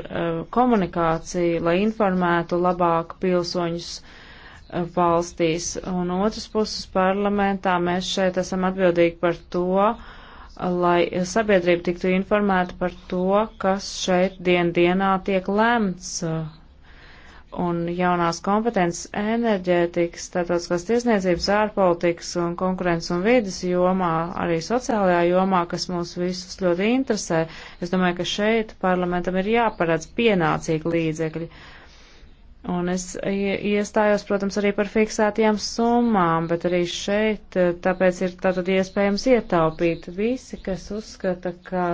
Speaker 1: komunikāciju, lai informētu labāk pilsoņus valstīs. Un otras puses parlamentā mēs šeit esam atbildīgi par to, lai sabiedrība tiktu informēta par to, kas šeit dien dienā tiek lemts. Un jaunās kompetences enerģētikas, starptautiskās tiesniecības, ārpolitikas un konkurences un vidas jomā, arī sociālajā jomā, kas mūs visus ļoti interesē, es domāju, ka šeit parlamentam ir jāparedz pienācīgi līdzekļi. Uh, Un es iestājos, protams, arī par fiksētajām summām, bet arī šeit eh, tāpēc ir tātad iespējams ietaupīt. Visi, kas uzskata, ka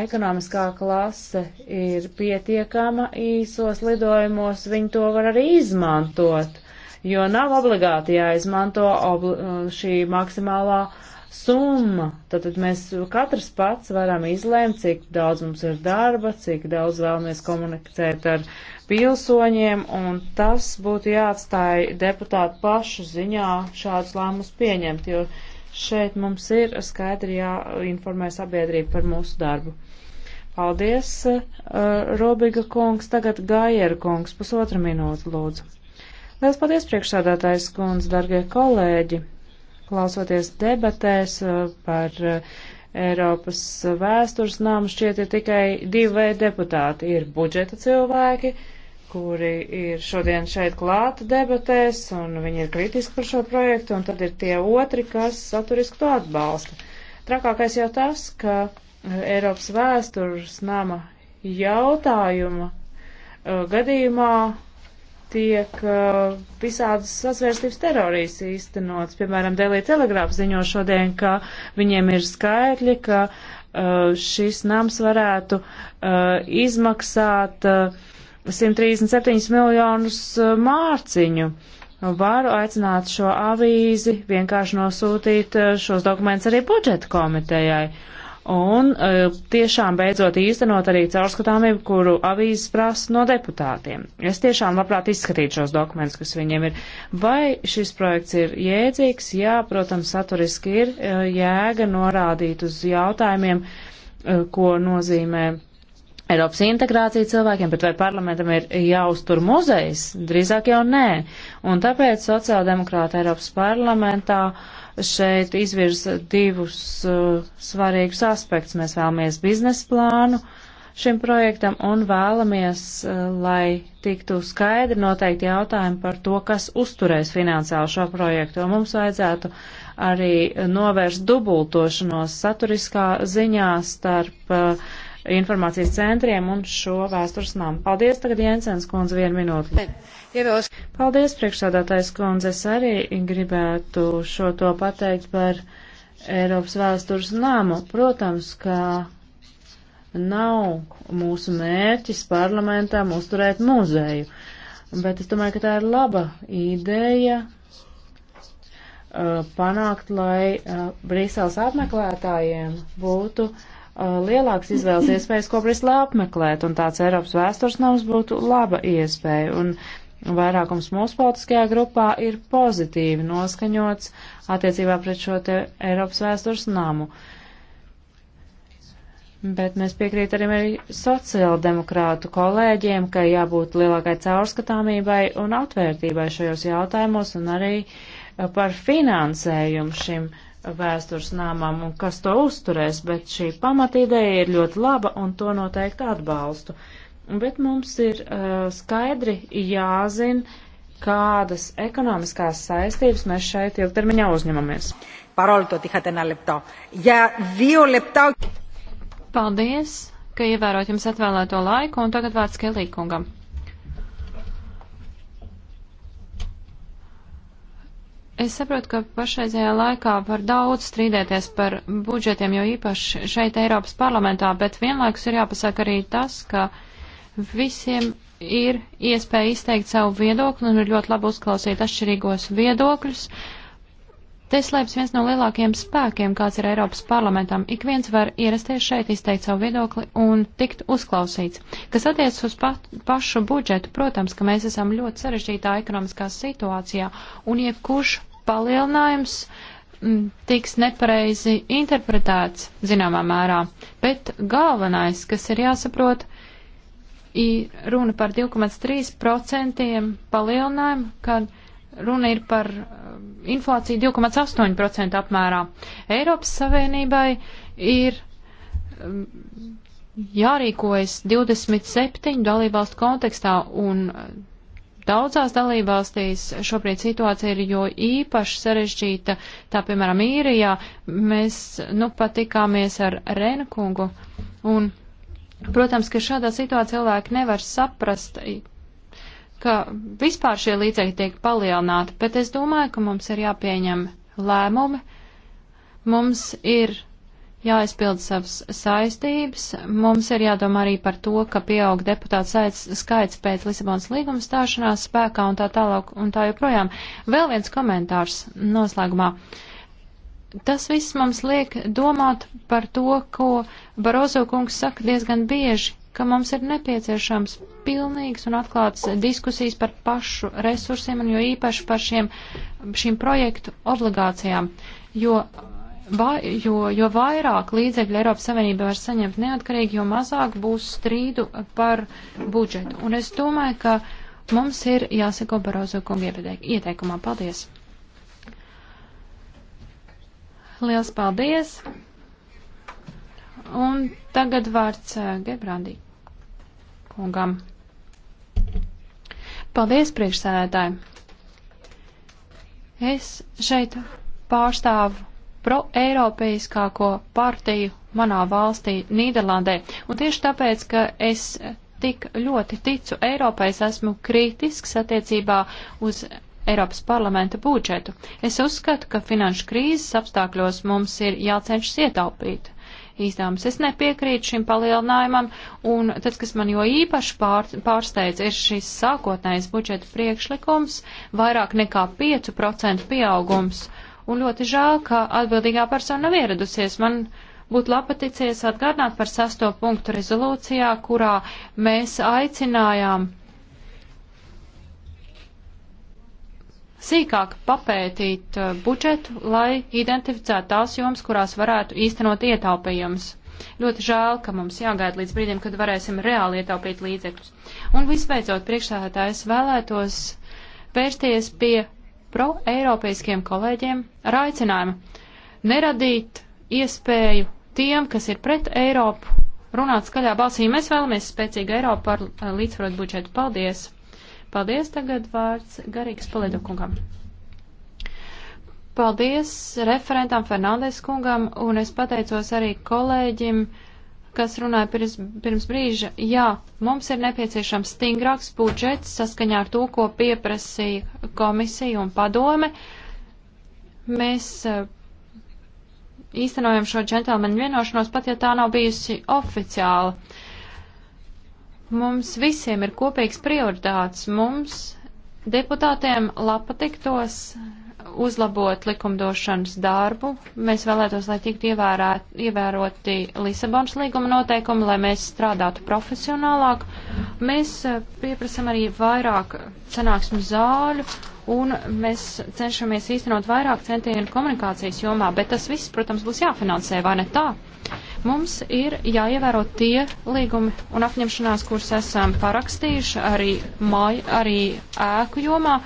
Speaker 1: ekonomiskā klase ir pietiekama īsos lidojumos, viņi to var arī izmantot, jo nav obligāti jāizmanto obli šī maksimālā summa. Tātad mēs katrs pats varam izlēmt, cik daudz mums ir darba, cik daudz vēlamies komunicēt ar pilsoņiem, un tas būtu jāatstāja deputātu pašu ziņā šādus lēmumus pieņemt, jo šeit mums ir skaidri jāinformē sabiedrība par mūsu darbu. Paldies, uh, Robiga kungs, tagad Gājera kungs, pusotra minūte, lūdzu. Liels paldies, priekšsādātājs kundz, dargie kolēģi, klausoties debatēs uh, par uh, Eiropas vēstures nāmu šķiet ir tikai divi deputāti. Ir budžeta cilvēki, kuri ir šodien šeit klāta debatēs, un viņi ir kritiski par šo projektu, un tad ir tie otri, kas saturiski to atbalsta. Trakākais jau tas, ka eh, Eiropas vēstures nama jautājuma uh, gadījumā tiek uh, visādas sasvērstības terorijas īstenots. Piemēram, Dēlī telegrāfs ziņo šodien, ka viņiem ir skaitļi, ka uh, šis nams varētu izmaksāt uh, 137 miljonus eh, mārciņu. Varu aicināt šo avīzi vienkārši nosūtīt eh, šos dokumentus arī budžeta komitejai. Un eh, tiešām beidzot īstenot arī caurskatāmību, kuru avīzes prasa no deputātiem. Es tiešām labprāt izskatītu šos dokumentus, kas viņiem ir. Vai šis projekts ir jēdzīgs? Jā, protams, saturiski ir jēga norādīt uz jautājumiem, ko nozīmē Eiropas integrācija cilvēkiem, bet vai parlamentam ir jāuztur muzejs? Drīzāk jau nē. Un tāpēc sociāldemokrāta Eiropas parlamentā šeit izvirza divus uh, svarīgus aspektus. Mēs vēlamies biznesa plānu šim projektam un vēlamies, uh, lai tiktu skaidri noteikti jautājumi par to, kas uzturēs finansiāli šo projektu. Un mums vajadzētu arī novērst dubultošanos saturiskā ziņā starp uh, informācijas centriem un šo vēstures namu. Paldies tagad Jensens kundze vienu minūti. Paldies priekšsādātais kundze. Es arī gribētu šo to pateikt par Eiropas vēstures namu. Protams, ka nav mūsu mērķis parlamentam uzturēt muzeju. Bet es domāju, ka tā ir laba ideja uh, panākt, lai uh, Brīseles apmeklētājiem būtu uh, Uh, lielāks izvēles iespējas, ko Brislā apmeklēt, un tāds Eiropas vēstures nams būtu laba iespēja. Un vairākums mūsu politiskajā grupā ir pozitīvi noskaņots attiecībā pret šo te Eiropas vēstures namu. Bet mēs piekrītam arī sociāldemokrātu kolēģiem, ka jābūt lielākai caurskatāmībai un atvērtībai šajos jautājumos un arī par finansējumu šim vēstures nāmam un kas to uzturēs, bet šī pamatīdeja ir ļoti laba un to noteikti atbalstu. Bet mums ir uh, skaidri jāzina, kādas ekonomiskās saistības mēs šeit ilgtermiņā uzņemamies.
Speaker 5: Paldies, ka ievērot jums atvēlēto laiku, un tagad vārds Kelī kungam. Es saprotu, ka pašreizajā laikā var daudz strīdēties par budžetiem, jo īpaši šeit Eiropas parlamentā, bet vienlaikus ir jāpasaka arī tas, ka visiem ir iespēja izteikt savu viedokli un ir ļoti labi uzklausīt atšķirīgos viedokļus. Te slēpjas viens no lielākajiem spēkiem, kāds ir Eiropas parlamentam. Ik viens var ierasties šeit, izteikt savu viedokli un tikt uzklausīts. Kas attiecas uz pa pašu budžetu, protams, ka mēs esam ļoti sarežģītā ekonomiskā situācijā, un jebkurš palielinājums mm, tiks nepareizi interpretēts zināmā mērā, bet galvenais, kas ir jāsaprot, ir runa par 2,3% palielinājumu, kad runa ir par eh, inflāciju 2,8% apmērā. Eiropas Savienībai ir mm, jārīkojas 27 dalībvalstu kontekstā un Daudzās dalībvalstīs šobrīd situācija ir jo īpaši sarežģīta, tā piemēram īrijā. Mēs nu pat tikāmies ar Renkungu un, protams, ka šādā situācijā cilvēki nevar saprast, ka vispār šie līdzekļi tiek palielināti, bet es domāju, ka mums ir jāpieņem lēmumi, mums ir jāizpild savas saistības. Mums ir jādomā arī par to, ka pieaug deputātu skaits pēc Lisabonas līguma stāšanās spēkā un tā tālāk un tā joprojām. Vēl viens komentārs noslēgumā. Tas viss mums liek domāt par to, ko Barozo kungs saka diezgan bieži, ka mums ir nepieciešams pilnīgs un atklāts diskusijas par pašu resursiem un jo īpaši par šiem, šīm projektu obligācijām, jo vai, jo, jo vairāk līdzekļu Eiropas Savienība var saņemt neatkarīgi, jo mazāk būs strīdu par budžetu. Un es domāju, ka mums ir jāseko Barozo kungu ieteikumā. Paldies! Liels paldies! Un tagad vārds eh, Gebrandī kungam. Paldies, priekšsēdētāji! Es šeit pārstāvu proeiropeiskāko partiju manā valstī, Nīderlandē. Un tieši tāpēc, ka es tik ļoti ticu Eiropai, es esmu kritisks attiecībā uz Eiropas parlamenta budžetu. Es uzskatu, ka finanšu krīzes apstākļos mums ir jācenšas ietaupīt. Īstāms, es nepiekrītu šim palielinājumam, un tas, kas man jo īpaši pār, pārsteidz, ir šis sākotnējais budžeta priekšlikums, vairāk nekā 5% pieaugums, un ļoti žēl, ka atbildīgā persona nav ieradusies. Man būtu lapaticies atgādināt par sesto punktu rezolūcijā, kurā mēs aicinājām sīkāk papētīt uh, budžetu, lai identificētu tās jomas, kurās varētu īstenot ietaupījumus. Ļoti žēl, ka mums jāgaida līdz brīdim, kad varēsim reāli ietaupīt līdzekļus. Un visbeidzot, priekšstādātājs vēlētos vērsties pie proeiropeiskiem kolēģiem ar aicinājumu neradīt iespēju tiem, kas ir pret Eiropu, runāt skaļā balsī. Mēs vēlamies spēcīgu Eiropu par eh, līdzsvarot budžetu. Paldies! Paldies tagad vārds Garīgas Paliedo kungam. Paldies referentam Fernandes kungam un es pateicos arī kolēģim kas runāja pirms, pirms brīža, jā, mums ir nepieciešams stingrāks budžets saskaņā ar to, ko pieprasīja komisija un padome. Mēs e, īstenojam šo džentelmenu vienošanos, pat ja tā nav bijusi oficiāla. Mums visiem ir kopīgs prioritāts. Mums deputātiem lapa tiktos uzlabot likumdošanas darbu. Mēs vēlētos, lai tiktu ievērāt, ievēroti Lisabons līguma noteikumi, lai mēs strādātu profesionālāk. Mēs eh, pieprasam arī vairāk sanāksmu zāļu un mēs cenšamies īstenot vairāk centienu komunikācijas jomā, bet tas viss, protams, būs jāfinansē, vai ne tā? Mums ir jāievēro tie līgumi un apņemšanās, kurus esam parakstījuši arī, māju, arī ēku jomā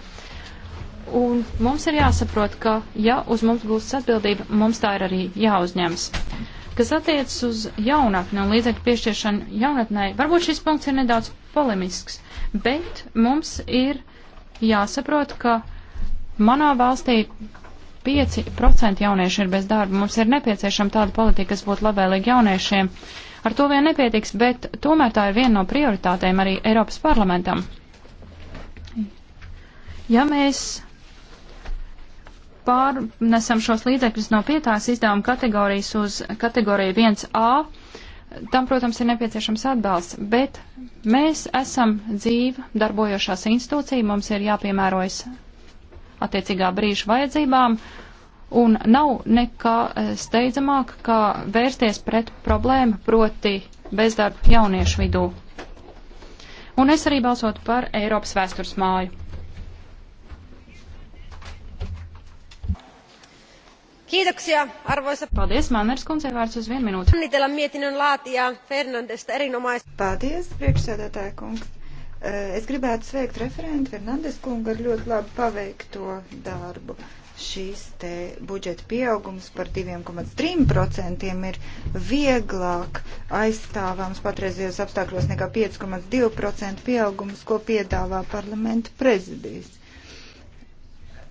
Speaker 5: Un mums ir jāsaprot, ka ja uz mums gulstas atbildība, mums tā ir arī jāuzņems. Kas attiecas uz jaunatni un līdzekļu piešķiršanu jaunatnē, varbūt šis punkts ir nedaudz polemisks, bet mums ir jāsaprot, ka manā valstī 5% jaunieši ir bez darba. Mums ir nepieciešama tāda politika, kas būtu labvēlīga jauniešiem. Ar to vien nepietiks, bet tomēr tā ir viena no prioritātēm arī Eiropas parlamentam. Ja mēs pārnesam šos līdzekļus no pietās izdevuma kategorijas uz kategoriju 1A, tam, protams, ir nepieciešams atbalsts, bet mēs esam dzīva, darbojošās institūcija, mums ir jāpiemērojas attiecīgā brīža vajadzībām, un nav nekā eh, steidzamāk, kā vērsties pret problēmu, proti bezdarbu jauniešu vidū. Un es arī balsotu par Eiropas vēstures māju.
Speaker 4: Kiitoksia, arvoisa... Paldies, Manners kundze, vārds uz vienu minūti. Onnitella mietinnön laatijā Fernandesta erinomaista. Paldies, priekšsēdētāja kungs. Eh, es gribētu sveikt referentu Fernandes kungu ar ļoti labi paveikto darbu. Šīs te budžeta pieaugums par 2,3% ir vieglāk aizstāvāms patreizējos apstākļos nekā 5,2% pieaugums, ko piedāvā parlamenta prezidijas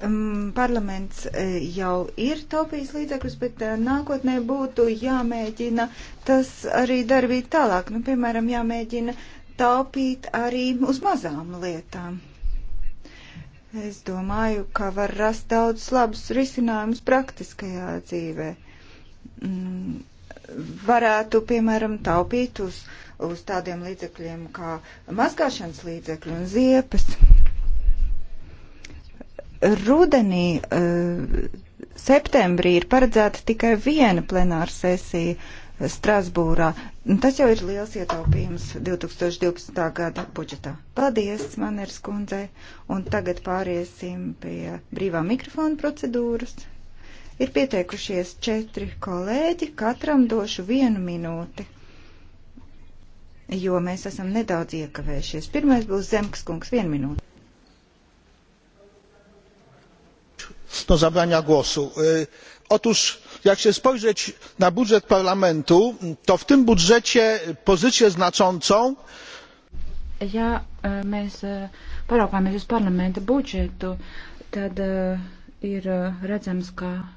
Speaker 4: Mm, parlaments e, jau ir taupījis līdzekļus, bet e, nākotnē būtu jāmēģina tas arī darbīt tālāk. Nu, piemēram, jāmēģina taupīt arī uz mazām lietām. Es domāju, ka var rast daudz labus risinājumus praktiskajā dzīvē. Mm, varētu, piemēram, taupīt uz, uz tādiem līdzekļiem kā mazgāšanas līdzekļi un ziepes. Rudenī, eh, septembrī, ir paredzēta tikai viena plenāra sesija eh, Strasbūrā. Tas jau ir liels ietaupījums 2012. gada budžetā. Paldies, Maneris kundzei, un tagad pāriesim pie brīvā mikrofona procedūras. Ir pieteikušies četri kolēģi, katram došu vienu minūti, jo mēs esam nedaudz iekavējušies. Pirmais būs Zemkas kungs, vienu minūti. do zabrania głosu. otóż jak się spojrzeć na budżet parlamentu to w tym budżecie
Speaker 2: pozycję znaczącą Ja e, mēs paraugāmies uz parlamenta budžetu, tad ir redzams, ka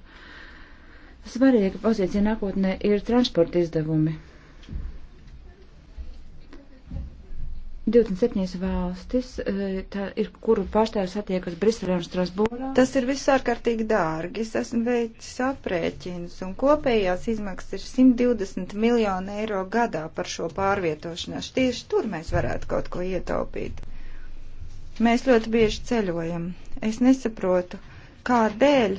Speaker 2: svarīga pozīcija nākotnē ir transporta izdevumi. 27 valstis, e, tā ir, kuru pārstāvis attiekas Briselē un Strasbūrā.
Speaker 4: Tas ir viss ārkārtīgi dārgi. Es esmu veicis aprēķinus, un kopējās izmaksas ir 120 miljoni eiro gadā par šo pārvietošanos. Tieši tur mēs varētu kaut ko ietaupīt. Mēs ļoti bieži ceļojam. Es nesaprotu, kādēļ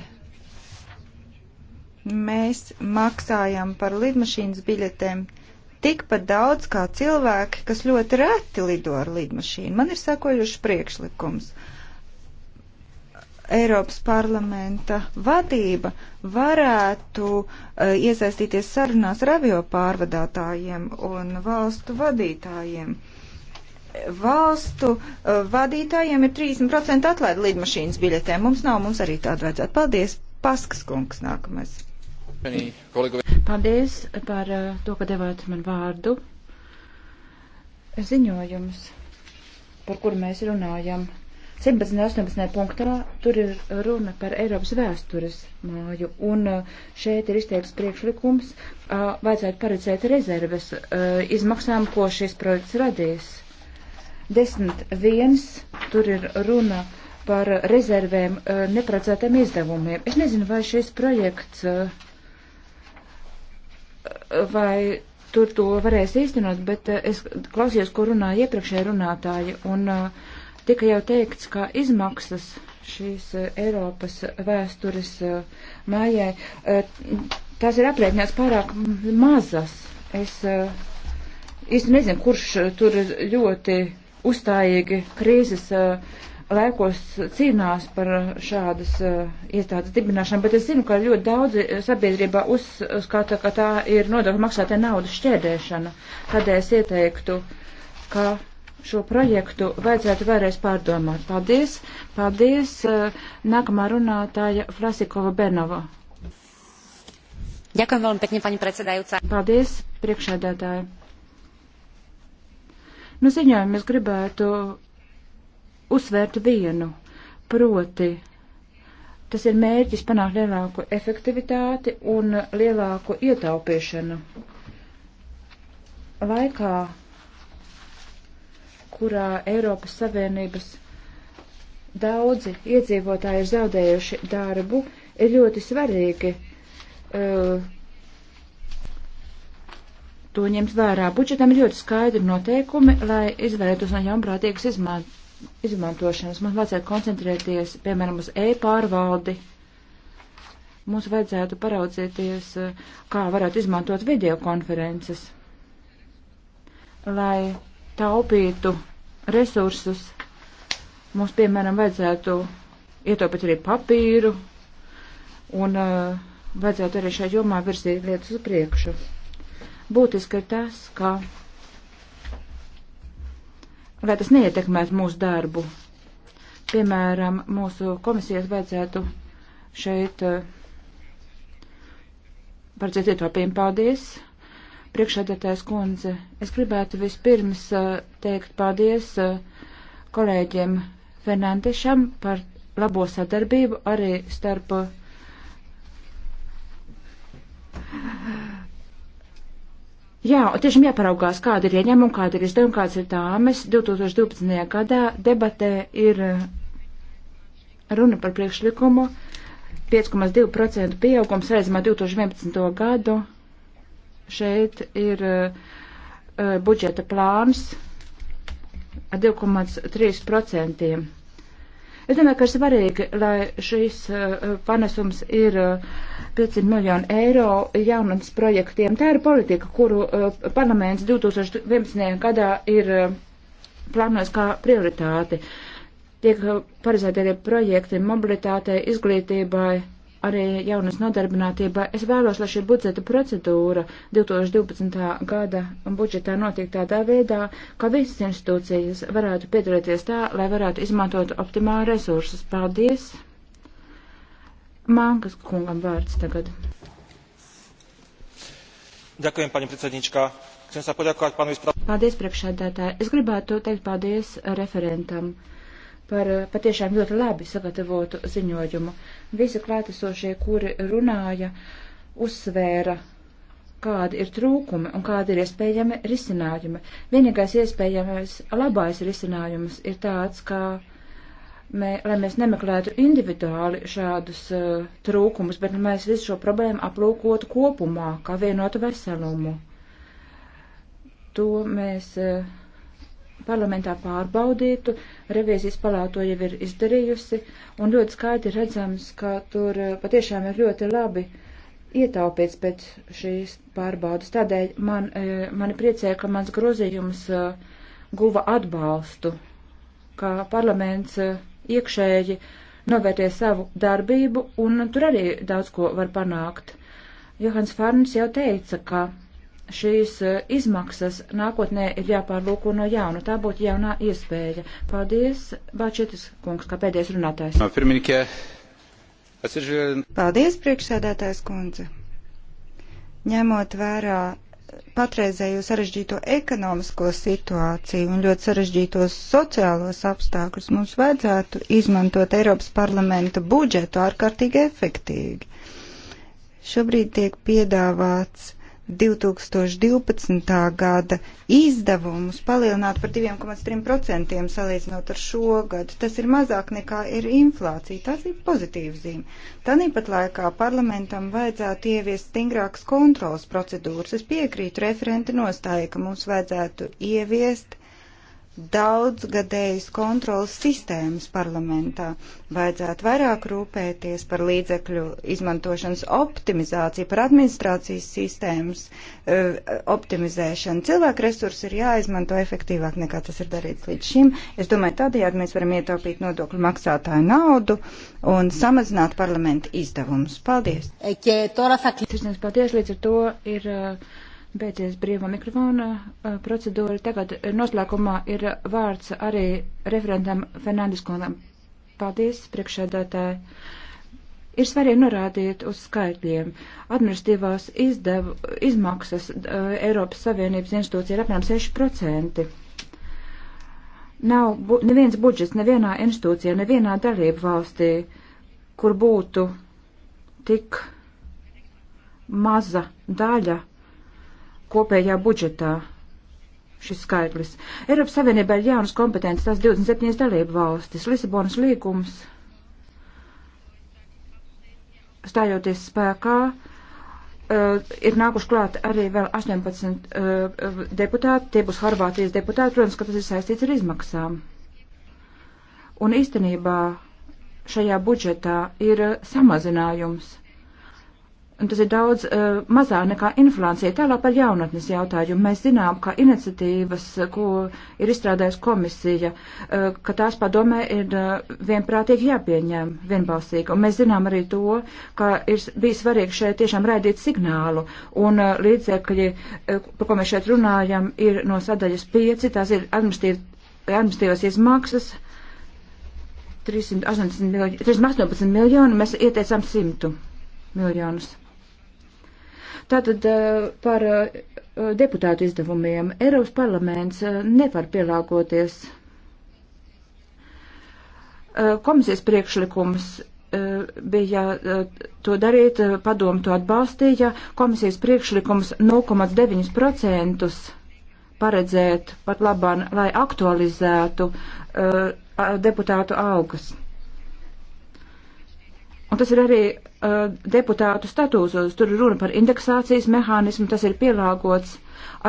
Speaker 4: mēs maksājam par lidmašīnas biļetēm tikpat daudz kā cilvēki, kas ļoti reti lido ar lidmašīnu. Man ir sakojuši priekšlikums. Eiropas parlamenta vadība varētu uh, iesaistīties sarunās ar avio pārvadātājiem un valstu vadītājiem. Valstu uh, vadītājiem ir 30% atlaida lidmašīnas biļetēm. Mums nav, mums arī tāda vajadzētu. Paldies, Paskas kungs nākamais.
Speaker 5: Paldies
Speaker 4: par eh, to, ka devāt man vārdu.
Speaker 2: Ziņojums, par kuru mēs runājam, 17. un 18. punktā tur ir runa par Eiropas vēstures māju, un eh, šeit ir izteikts priekšlikums, eh, vajadzētu paredzēt rezerves izmaksām, ko šis projekts radīs. 10.1. tur ir runa par rezervēm neparedzētiem izdevumiem. Es nezinu, vai šis projekts. Uh, vai tur to varēs īstenot, bet eh, es klausījos, ko runāja iepriekšēja runātāja, un eh, tika jau teikts, ka izmaksas šīs eh, Eiropas vēstures mājai, tās ir aprēķināts pārāk mazas. Es īsti nezinu, kurš tur ļoti uzstājīgi krīzes laikos cīnās par uh, šādas uh, iestādes dibināšanu, bet es zinu, ka ļoti daudzi uh, sabiedrībā uzskata, ka tā ir nodokļu maksātē naudas šķērdēšana. Tādēļ es ieteiktu, ka šo projektu vajadzētu vēlreiz pārdomāt. Paldies! Paldies! Uh, nākamā runātāja Flasikova Benova. Ďakujem veľmi pekne, pani predsedajúca. Paldies, priekšēdētāji. Nu, ziņojumu es gribētu uzsvērt vienu, proti tas ir mērķis panākt lielāku efektivitāti un lielāku ietaupīšanu laikā, kurā Eiropas Savienības daudzi iedzīvotāji ir zaudējuši darbu, ir ļoti svarīgi uh, to ņemt vērā. Budžetam ir ļoti skaidri noteikumi, lai izvairītos no jaunprātīgas izmantošanas izmantošanas. Mums vajadzētu koncentrēties, piemēram, uz e-pārvaldi. Mums vajadzētu paraudzīties, kā varētu izmantot videokonferences, lai taupītu resursus. Mums, piemēram, vajadzētu ietaupīt arī papīru un uh, vajadzētu arī šai jomā virzīt lietas uz priekšu. Būtiski ir tas, ka lai tas neietekmētu mūsu darbu. Piemēram, mūsu komisijas vajadzētu šeit eh, paredzēt ietopiem paldies. Priekšādātājs kundze, es gribētu vispirms eh, teikt paldies eh, kolēģiem Fernandešam par labo sadarbību arī starp Jā, un tiešām jāparaugās, kāda ir ieņēmuma, kāda ir izdevuma, kādas ir tāmes. 2012. gadā debatē ir eh, runa par priekšlikumu 5,2% pieaugums reizumā 2011. gadu. Šeit ir uh, budžeta plāns ar 2,3%. Es domāju, ka ir svarīgi, lai šis eh, panesums ir 500 eh, miljonu eiro jaunums projektiem. Tā ir politika, kuru eh, parlaments 2011. gadā ir plānojis kā prioritāti. Tiek paredzēti arī projekti mobilitātei, izglītībai, arī jaunas nodarbinātībā. Es vēlos, lai šī budžeta procedūra 2012. gada budžetā notiek tādā veidā, ka visas institūcijas varētu piedalīties tā, lai varētu izmantot optimāli resursus. Paldies! Mankas kungam vārds tagad.
Speaker 4: Ďakujem, pani predsednička. Chcem sa poďakovať pánovi spravodajcovi.
Speaker 2: Paldies, priekšsēdētāji. Es gribētu teikt paldies referentam par patiešām ļoti labi sagatavotu ziņojumu. Visi klātesošie, kuri runāja, uzsvēra, kādi ir trūkumi un kādi ir iespējami risinājumi. Vienīgais iespējamais labais risinājums ir tāds, ka, mē, lai mēs nemeklētu individuāli šādus uh, trūkumus, bet mēs visu šo problēmu aplūkotu kopumā, kā vienotu veselumu. To mēs. Uh, parlamentā pārbaudītu, revīzijas palāto jau ir izdarījusi, un ļoti skaidri redzams, ka tur eh, patiešām ir ļoti labi ietaupīts pēc šīs pārbaudas. Tādēļ man, eh, mani priecēja, ka mans grozījums eh, guva atbalstu, ka parlaments iekšēji novērtē savu darbību, un tur arī daudz ko var panākt. Johans Farns jau teica, ka šīs e, izmaksas nākotnē ir jāpārlūko no jauna. Tā būtu jaunā iespēja. Paldies, Bāčetis
Speaker 4: kungs, kā pēdējais runātājs. Paldies, priekšsēdētājs kundze. Ņemot vērā patreizējo sarežģīto ekonomisko situāciju un ļoti sarežģītos sociālos apstākļus, mums vajadzētu izmantot Eiropas parlamenta budžetu ārkārtīgi efektīgi. Šobrīd tiek piedāvāts 2012. gada izdevumus palielināt par 2,3% salīdzinot ar šo gadu. Tas ir mazāk nekā ir inflācija. Tas ir pozitīva zīme. Tāpat laikā parlamentam vajadzētu ieviest stingrākas kontrolas procedūras. Es piekrītu referenta nostāja, ka mums vajadzētu ieviest daudzgadējas kontrolas sistēmas parlamentā. Vajadzētu vairāk rūpēties par līdzekļu izmantošanas optimizāciju, par administrācijas sistēmas uh, optimizēšanu. Cilvēku resursi ir jāizmanto efektīvāk nekā tas ir darīts līdz šim. Es domāju, tādējādi mēs varam ietaupīt nodokļu maksātāju naudu un samazināt parlamenta izdevumus. Paldies!
Speaker 2: Paldies! Līdz ar to ir. Uh, Beidzies brīvā mikrofona eh, procedūra. Tagad noslēgumā ir vārds arī referentam Fernandiskundam. Paldies, priekšēdētāji. Ir svarīgi norādīt uz skaitļiem. Administratīvās izdev, izmaksas uh, Eiropas Savienības institūcija ir apmēram 6%. Nav bu, neviens budžets nevienā institūcijā, nevienā dalību valstī, kur būtu tik maza daļa kopējā budžetā šis skaitlis. Eiropas Savienībā ir jaunas kompetences, tās 27 dalību valstis, Lisabonas līgums, stājoties spēkā, uh, ir nākuši klāt arī vēl 18 uh, eh, deputāti, tie būs Horvātijas deputāti, protams, ka tas ir saistīts ar izmaksām. Un īstenībā šajā budžetā ir samazinājums un tas ir daudz uh, mazāk nekā inflācija. Tālāk par jaunatnes jautājumu. Mēs zinām, ka iniciatīvas, ko ir izstrādājusi komisija, uh, ka tās padomē ir uh, vienprātīgi jāpieņem vienbalsīgi. Un mēs zinām arī to, ka ir bijis svarīgi šeit tiešām raidīt signālu. Un uh, līdzekļi, uh, par ko mēs šeit runājam, ir no sadaļas 5, tās ir administratīvas izmaksas. 318 miljoni, 318 miljoni, mēs ieteicām 100 miljonus. Tātad eh, par eh, deputātu izdevumiem Eiropas parlaments eh, nevar pielāgoties. Komisijas priekšlikums bija to darīt, padomu to atbalstīja. Komisijas priekšlikums 0,9% paredzēt pat labāk, lai aktualizētu uh, deputātu algas. Un tas ir arī uh, deputātu statūzos. Tur ir runa par indeksācijas mehānismu, tas ir pielāgots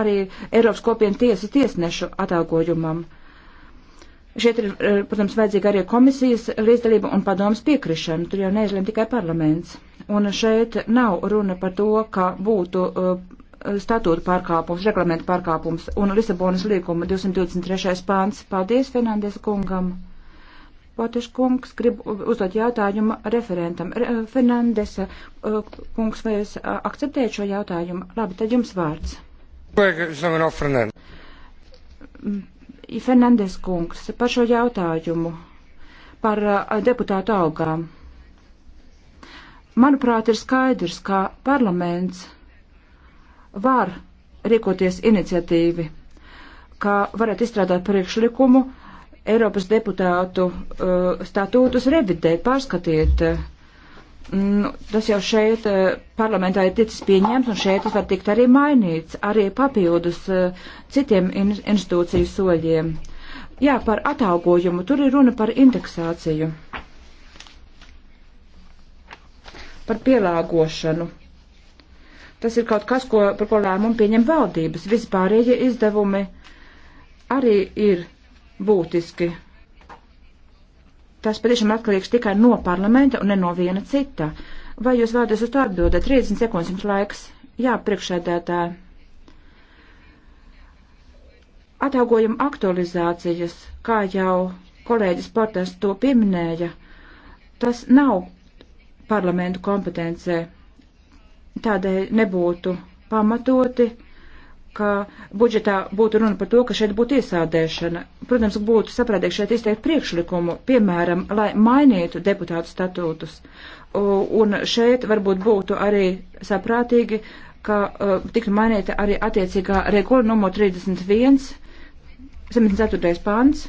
Speaker 2: arī Eiropas kopienas tiesa tiesnešu atalgojumam. Šeit ir, uh, protams, vajadzīga arī komisijas līdzdalība un padomas piekrišana. Tur jau neizlem tikai parlaments. Un šeit nav runa par to, ka būtu uh, statūta pārkāpums, reglamenta pārkāpums un Lisabonas līguma 223. pāns. Paldies, Fernandes kungam! Potiškungs grib uzdot jautājumu referentam. Re, eh, Fernandesa eh, kungs, vai es eh, akceptēju šo jautājumu? Labi, tad jums vārds. Mm, Fernandes kungs, par šo jautājumu, par deputātu algām. Manuprāt, ir skaidrs, ka parlaments var rīkoties iniciatīvi, ka varētu izstrādāt priekšlikumu, uh, Eiropas deputātu uh, statūtus revidēt, pārskatiet. Nu, tas jau šeit uh, parlamentā ir ticis pieņemts, un šeit tas var tikt arī mainīts, arī papildus uh, citiem in institūciju soļiem. Jā, par atalgojumu, tur ir runa par indeksāciju, par pielāgošanu. Tas ir kaut kas, ko, par ko lēmumu pieņem valdības. Vispārējie izdevumi arī ir būtiski. Tas patiešām atkarīgs tikai no parlamenta un ne no viena cita. Vai jūs vēlaties uz to atbildēt? 30 sekundes jums laiks. Jā, priekšēdētāji. Atalgojuma aktualizācijas, kā jau kolēģis Portas to pieminēja, tas nav parlamentu kompetencē. Tādēļ nebūtu pamatoti ka budžetā būtu runa par to, ka šeit būtu iesādēšana. Protams, būtu saprātīgi šeit izteikt priekšlikumu, piemēram, lai mainītu deputātu statūtus. Un šeit varbūt būtu arī saprātīgi, ka uh, tiktu mainīta arī attiecīgā regula numur 31, 74. pāns.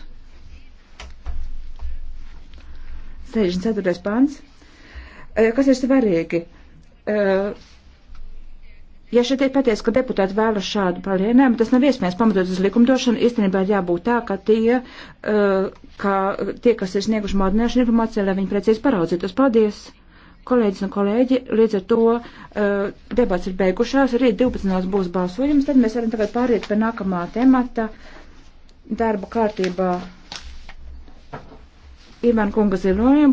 Speaker 2: 64. pāns. Kas ir svarīgi? Uh, Ja šeit tiek pateicis, ka deputāti vēlas šādu palienējumu, tas nav iespējams pamatot uz likumdošanu. Īstenībā ir jābūt tā, ka tie, uh, ka tie kas ir snieguši modināšanu informāciju, lai viņi precīzi paraudzītos. Paldies! Kolēģis un kolēģi, līdz ar to uh, debats ir beigušās, rīt 12. būs balsojums, tad mēs varam tagad pāriet pie nākamā temata darba kārtībā. Ivan
Speaker 5: Kunga ziņojumu